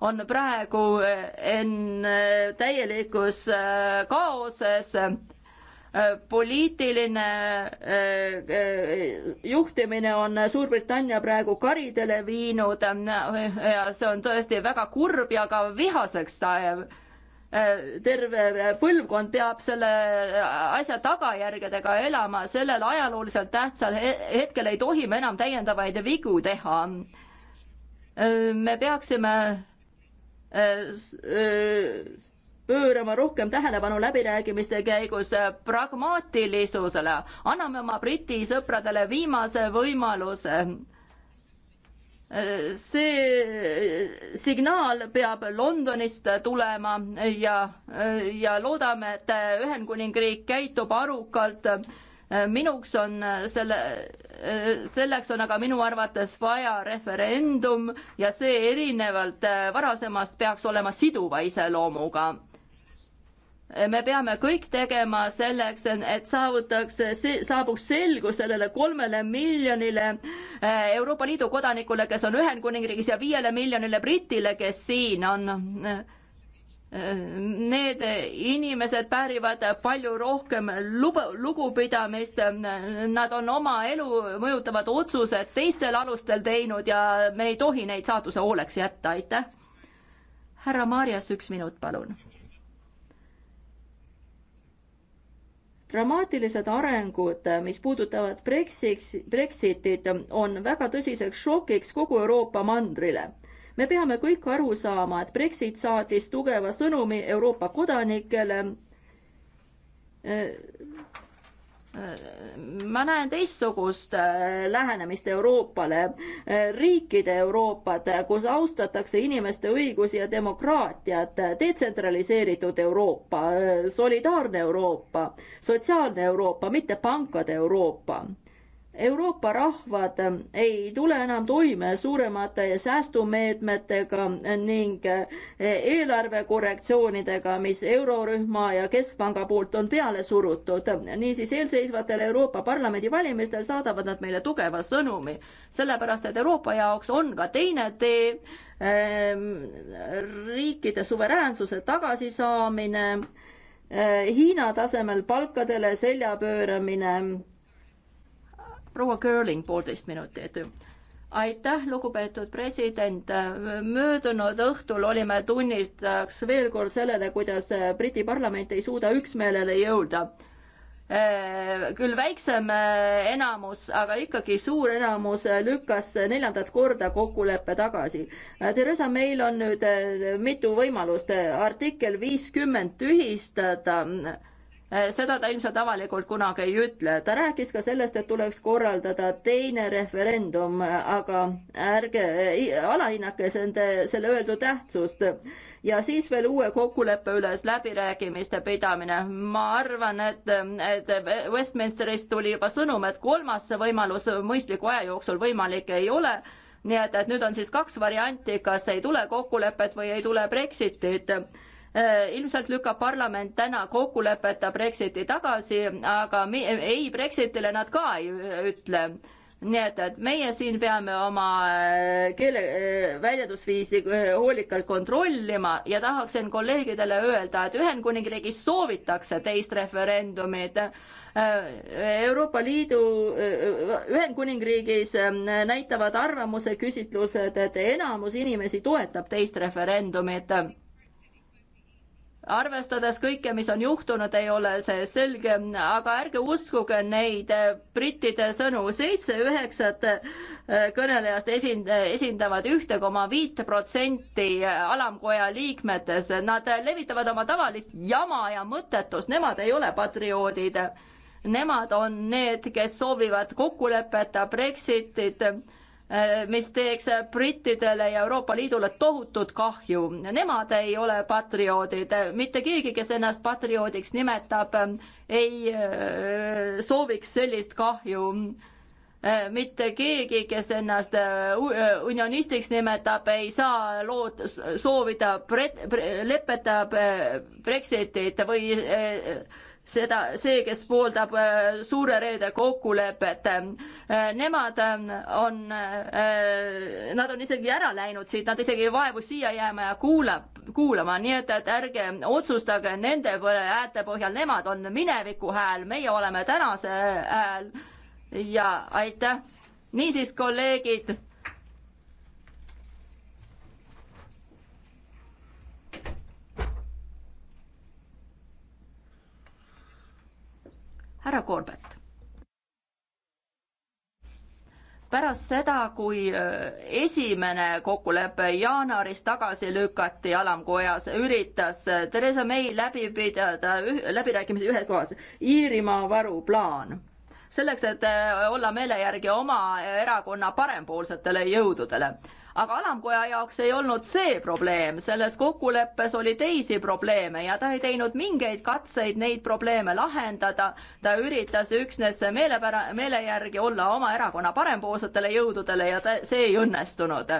on praegu enne täielikus äh, kaoses poliitiline äh, äh, juhtimine on Suurbritannia praegu karidele viinud ja see on tõesti väga kurb ja ka vihaseks saev terve põlvkond peab selle asja tagajärgedega elama, sellel ajalooliselt tähtsal hetkel ei tohi me enam täiendavaid vigu teha. me peaksime äh, äh, pöörama rohkem tähelepanu läbirääkimiste käigus pragmaatilisusele, anname oma Briti sõpradele viimase võimaluse see eh, signaal peab Londonist tulema ja, eh, ja loodame, et Ühendkuningriik käitub arukalt. Eh, minuks on selle, selleks on aga minu arvates vaja referendum ja see erinevalt varasemast peaks olema siduva iseloomuga me peame kõik tegema selleks, et saavutaks, saabuks selgus sellele kolmele miljonile eh, Euroopa Liidu kodanikule, kes on Ühendkuningriigis ja viiele miljonile britile, kes siin on. Eh, need inimesed väärivad palju rohkem luba, lugupidamist, nad on oma elu mõjutavad otsused teistel alustel teinud ja me ei tohi neid saatuse hooleks jätta, aitäh. härra Maarjas, üks minut, palun dramaatilised arengud, mis puudutavad Brexit, Brexitit, on väga tõsiseks šokiks kogu Euroopa mandrile. me peame kõik aru saama, et Brexit saatis tugeva sõnumi Euroopa kodanikele ma näen teistsugust äh, lähenemist Euroopale, äh, riikide Euroopat, äh, kus austatakse inimeste õigusi ja demokraatiat, detsentraliseeritud Euroopa, solidaarne Euroopa, sotsiaalne Euroopa, mitte pankade Euroopa Euroopa rahvad ähm, ei tule enam toime suuremate säästumeetmetega ning äh, eelarvekorrektsioonidega, mis eurorühma ja keskpanga poolt on peale surutud. niisiis eelseisvatel Euroopa Parlamendi valimistel saadavad nad meile tugeva sõnumi, sellepärast et Euroopa jaoks on ka teine tee, ähm, riikide suveräänsuse tagasisaamine, äh, Hiina tasemel palkadele selja pööramine proua Curling, poolteist minutit aitäh, lugupeetud president. möödunud õhtul olime tunnistajaks veel kord sellele, kuidas Briti parlament ei suuda üksmeelele jõuda. Eh, küll väiksem enamus, aga ikkagi suur enamus lükkas neljandat korda kokkuleppe tagasi. Theresa, meil on nüüd mitu võimalust. artikkel viiskümmend tühistada Äh, seda ta ilmselt avalikult kunagi ei ütle. ta rääkis ka sellest, et tuleks korraldada teine referendum, aga ärge alahinnake nende, selle öeldu tähtsust. ja siis veel uue kokkuleppe üles läbirääkimiste pidamine. ma arvan, et, et Westminsterist tuli juba sõnum, et kolmas võimalus mõistliku aja jooksul võimalik ei ole nii et, et nüüd on siis kaks varianti, kas ei tule kokkulepet või ei tule Brexitit Äh, ilmselt lükkab parlament täna kokkulepet Brexiti tagasi, aga ei Brexitile nad ka ei ütle nii et, et meie siin peame oma äh, keele äh, väljendusviisi hoolikalt kontrollima ja tahaksin kolleegidele öelda, et Ühendkuningriigis soovitakse teist referendumit. Euroopa Liidu, Ühendkuningriigis näitavad arvamuse küsitlused, et enamus inimesi toetab teist referendumit arvestades kõike, mis on juhtunud, ei ole see selge, aga ärge uskuge neid eh, brittide sõnu, seitse üheksat eh, kõnelejast esind-, eh, esindavad ühte koma viit protsenti alamkoja liikmetes, nad levitavad oma tavalist jama ja mõttetust, nemad ei ole patrioodid. Nemad on need, kes soovivad kokkulepet, Brexitit Äh, mis teeks brittidele ja Euroopa Liidule tohutut kahju. Nemad ei ole patrioodid, mitte keegi, kes ennast patrioodiks nimetab, äh, ei äh, sooviks sellist kahju mitte keegi, kes ennast unionistiks nimetab, ei saa lood-, soovida pre-, pre, lepeta Brexitit või seda, see, kes pooldab äh, suure reede kokkulepet. Äh, nemad äh, on, nad on isegi ära läinud siit, nad isegi ei vaevu siia jääma ja kuulab, kuulama, nii et, et ärge otsustage nende häälte põhjal, nemad on mineviku hääl, meie oleme tänase hääl ja aitäh. niisiis, kolleegid härra Korbet. pärast seda, kui äh, esimene kokkulepe jaanuaris tagasi lükati alamkojas, üritas äh, Theresa May läbi pidada läbirääkimisi ühes kohas, Iirimaa varuplaan selleks, et äh, olla meele järgi oma erakonna parempoolsetele jõududele aga alamkoja jaoks ei olnud see probleem, selles kokkuleppes oli teisi probleeme ja ta ei teinud mingeid katseid neid probleeme lahendada. ta üritas üksnes meelepära-, meele järgi olla oma erakonna parempoolsetele jõududele ja ta, see ei õnnestunud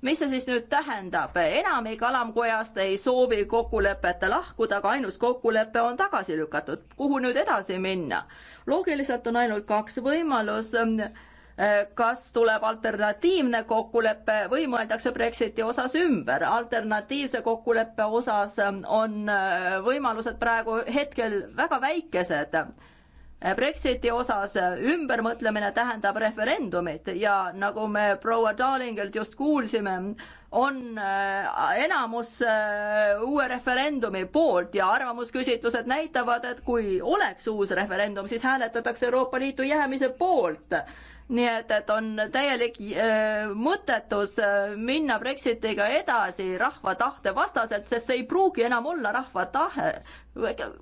mis see siis nüüd tähendab, enamik alamkojast ei soovi kokkulepet lahkuda, aga ainus kokkulepe on tagasi lükatud. kuhu nüüd edasi minna? loogiliselt on ainult kaks võimalus Äh, kas tuleb alternatiivne kokkulepe või mõeldakse Brexiti osas ümber. alternatiivse kokkuleppe osas ähm, on äh, võimalused praegu hetkel väga väikesed. Äh, Brexiti osas ümbermõtlemine tähendab referendumit ja nagu me proua Darlingelt just kuulsime, on enamus uue referendumi poolt ja arvamusküsitlused näitavad, et kui oleks uus referendum, siis hääletatakse Euroopa Liitu jäämise poolt nii et, et on täielik äh, mõttetus äh, minna Brexitiga edasi rahva tahte vastaselt, sest see ei pruugi enam olla rahva tahe.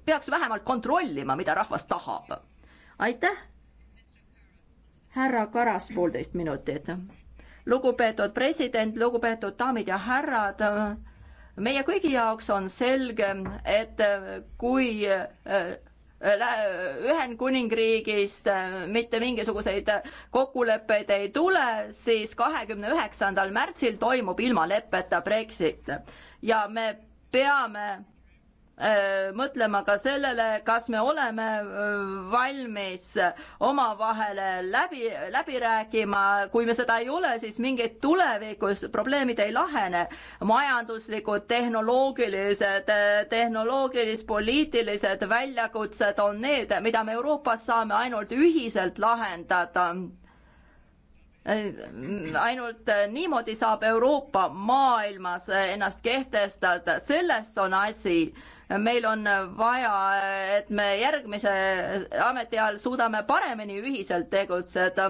peaks vähemalt kontrollima, mida rahvas tahab. aitäh. härra Karas, poolteist minutit. lugupeetud president, lugupeetud daamid ja härrad meie kõigi jaoks on selge, et kui äh, Ühendkuningriigist äh, mitte mingisuguseid kokkuleppeid ei tule, siis kahekümne üheksandal märtsil toimub ilma leppeta Brexit ja me peame Äh, mõtlema ka sellele, kas me oleme äh, valmis omavahel läbi, läbi rääkima, kui me seda ei ole, siis mingid tulevikus probleemid ei lahene. majanduslikud, tehnoloogilised, äh, tehnoloogilis-poliitilised väljakutsed on need, mida me Euroopas saame ainult ühiselt lahendada ainult niimoodi saab Euroopa maailmas ennast kehtestada, selles on asi meil on vaja, et me järgmise ametiajal suudame paremini ühiselt tegutseda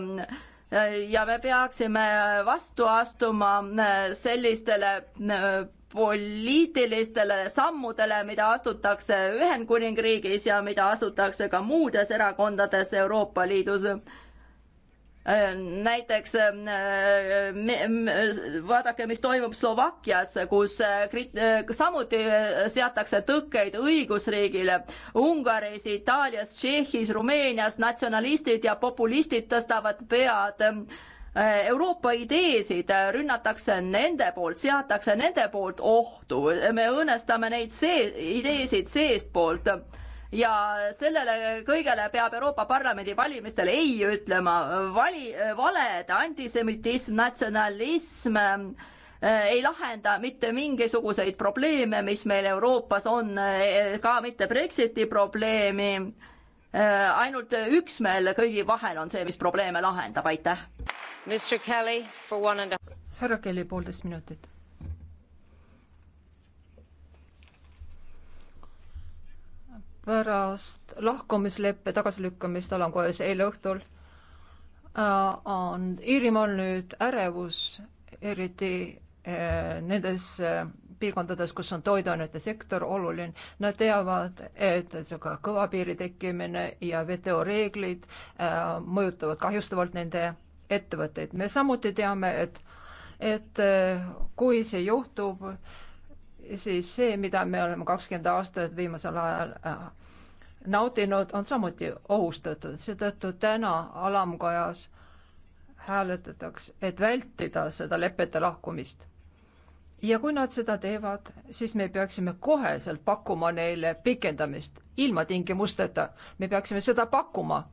ja me peaksime vastu astuma sellistele äh, poliitilistele sammudele, mida astutakse Ühendkuningriigis ja mida astutakse ka muudes erakondades Euroopa Liidus näiteks äh, vaadake, mis toimub Slovakkias, kus äh, äh, samuti seatakse tõkkeid õigusriigile. Ungaris, Itaalias, Tšehhis, Rumeenias natsionalistid ja populistid tõstavad pead Euroopa ideesid rünnatakse nende poolt, seatakse nende poolt ohtu, me õõnestame neid see, ideesid seestpoolt ja sellele kõigele peab Euroopa Parlamendi valimistel ei ütlema. vali, valed, antisemitism, natsionalism eh, ei lahenda mitte mingisuguseid probleeme, mis meil Euroopas on, eh, ka mitte Brexiti probleemi. Eh, ainult üksmeel kõigi vahel on see, mis probleeme lahendab, aitäh. härra Kelly, poolteist minutit pärast lahkumisleppe tagasilükkamist alamkojas eile õhtul äh, on Iirimaal nüüd ärevus, eriti äh, nendes äh, piirkondades, kus on toiduainete sektor oluline, nad teavad, et niisugune kõva piiri tekkimine ja WTO reeglid mõjutavad kahjustavalt nende ettevõtteid. me samuti teame, et, et kui see juhtub, siis see, mida me oleme kakskümmend aastat viimasel ajal äh, nautinud, on samuti ohustatud, seetõttu täna alamkojas hääletatakse, et vältida seda lepete lahkumist. ja kui nad seda teevad, siis me peaksime koheselt pakkuma neile pikendamist ilma tingimusteta, me peaksime seda pakkuma.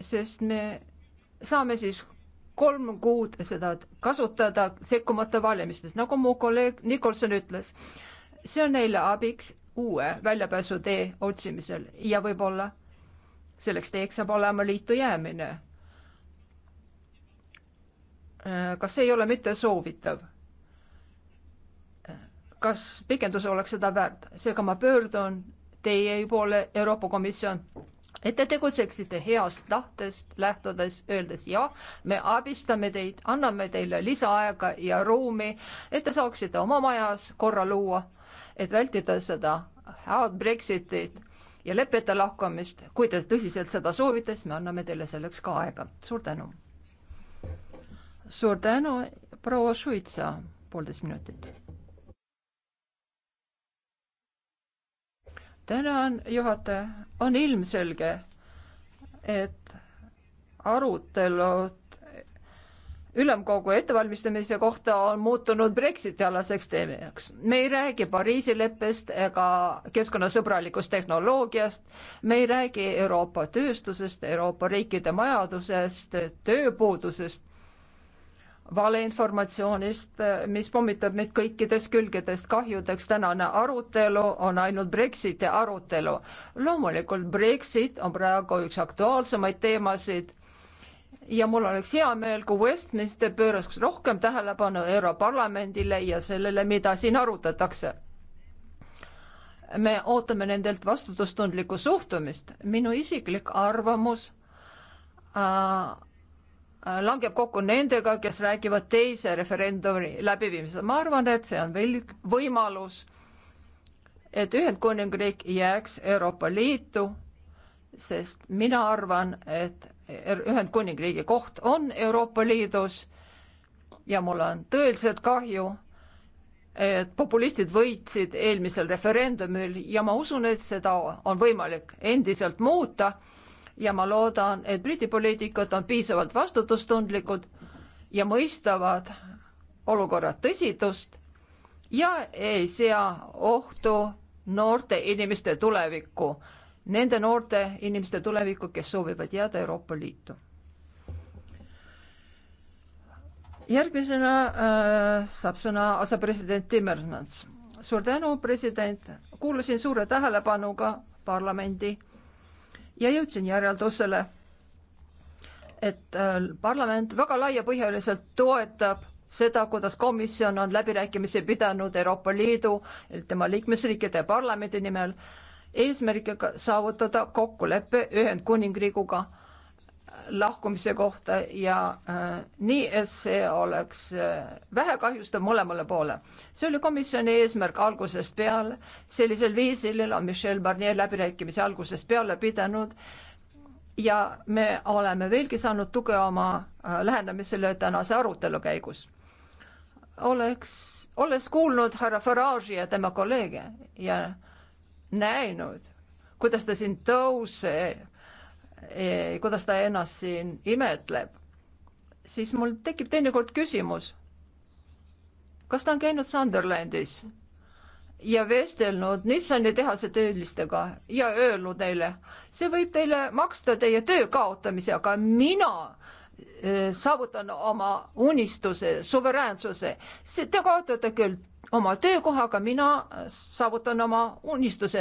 sest me saame siis kolm kuud seda kasutada sekkumata valimistes, nagu mu kolleeg Nikolson ütles. see on neile abiks uue väljapääsutee otsimisel ja võib-olla selleks teeks saab olema liitu jäämine. Äh, kas see ei ole mitte soovitav? Äh, kas pikendus oleks seda väärt? seega ma pöördun teie poole, Euroopa Komisjon et te tegutseksite heast tahtest lähtudes, öeldes jah, me abistame teid, anname teile lisaaega ja ruumi, et te saaksite oma majas korra luua, et vältida seda head Brexitit ja lepete lahkumist. kui te tõsiselt seda soovite, siis me anname teile selleks ka aega. suur tänu. suur tänu, proua Suitsa, poolteist minutit tänan, juhataja. on ilmselge, et arutelud ülemkogu ettevalmistamise kohta on muutunud Brexiti alaseks teemaks. me ei räägi Pariisi leppest ega keskkonnasõbralikust tehnoloogiast, me ei räägi Euroopa tööstusest, Euroopa riikide majandusest, tööpuudusest valeinformatsioonist, eh, mis pommitab meid kõikidest külgedest. kahjudeks tänane arutelu on ainult Brexiti arutelu. loomulikult Brexit on praegu üks aktuaalsemaid teemasid ja mul oleks hea meel, kui Westminster pööraks rohkem tähelepanu Europarlamendile ja sellele, mida siin arutatakse. me ootame nendelt vastutustundlikku suhtumist. minu isiklik arvamus äh, langeb kokku nendega, kes räägivad teise referendumi läbiviimisest. ma arvan, et see on veel võimalus, et Ühendkuningriik jääks Euroopa Liitu, sest mina arvan, et Ühendkuningriigi koht on Euroopa Liidus ja mul on tõeliselt kahju, et populistid võitsid eelmisel referendumil ja ma usun, et seda on võimalik endiselt muuta ja ma loodan, et Briti poliitikud on piisavalt vastutustundlikud ja mõistavad olukorra tõsidust ja ei sea ohtu noorte inimeste tulevikku, nende noorte inimeste tulevikku, kes soovivad jääda Euroopa Liitu. järgmisena äh, saab sõna asepresident Timmermans. suur tänu, president, kuulasin suure tähelepanuga parlamendi ja jõudsin järeldusele, et äh, parlament väga laiapõhjaliselt toetab seda, kuidas komisjon on läbirääkimisi pidanud Euroopa Liidu, tema liikmesriikide ja parlamendi nimel, eesmärgiga saavutada kokkulepe Ühendkuningriiguga lahkumise kohta ja äh, nii, et see oleks äh, vähe kahjustav mõlemale poole. see oli komisjoni eesmärk algusest peale, sellisel viisil on Michel Barnier läbirääkimisi algusest peale pidanud ja me oleme veelgi saanud tuge oma äh, lähenemisele tänase arutelu käigus. oleks, olles kuulnud härra Farage'i ja tema kolleege ja näinud, kuidas ta siin tõuseb Eh, kuidas ta ennast siin imetleb, siis mul tekib teinekord küsimus, kas ta on käinud Sunderlandis ja vestelnud Nissani tehase töölistega ja öelnud neile, see võib teile maksta teie töö kaotamise, aga mina eh, saavutan oma unistuse, suveräänsuse. Te kaotate küll oma töökoha, aga mina saavutan oma unistuse.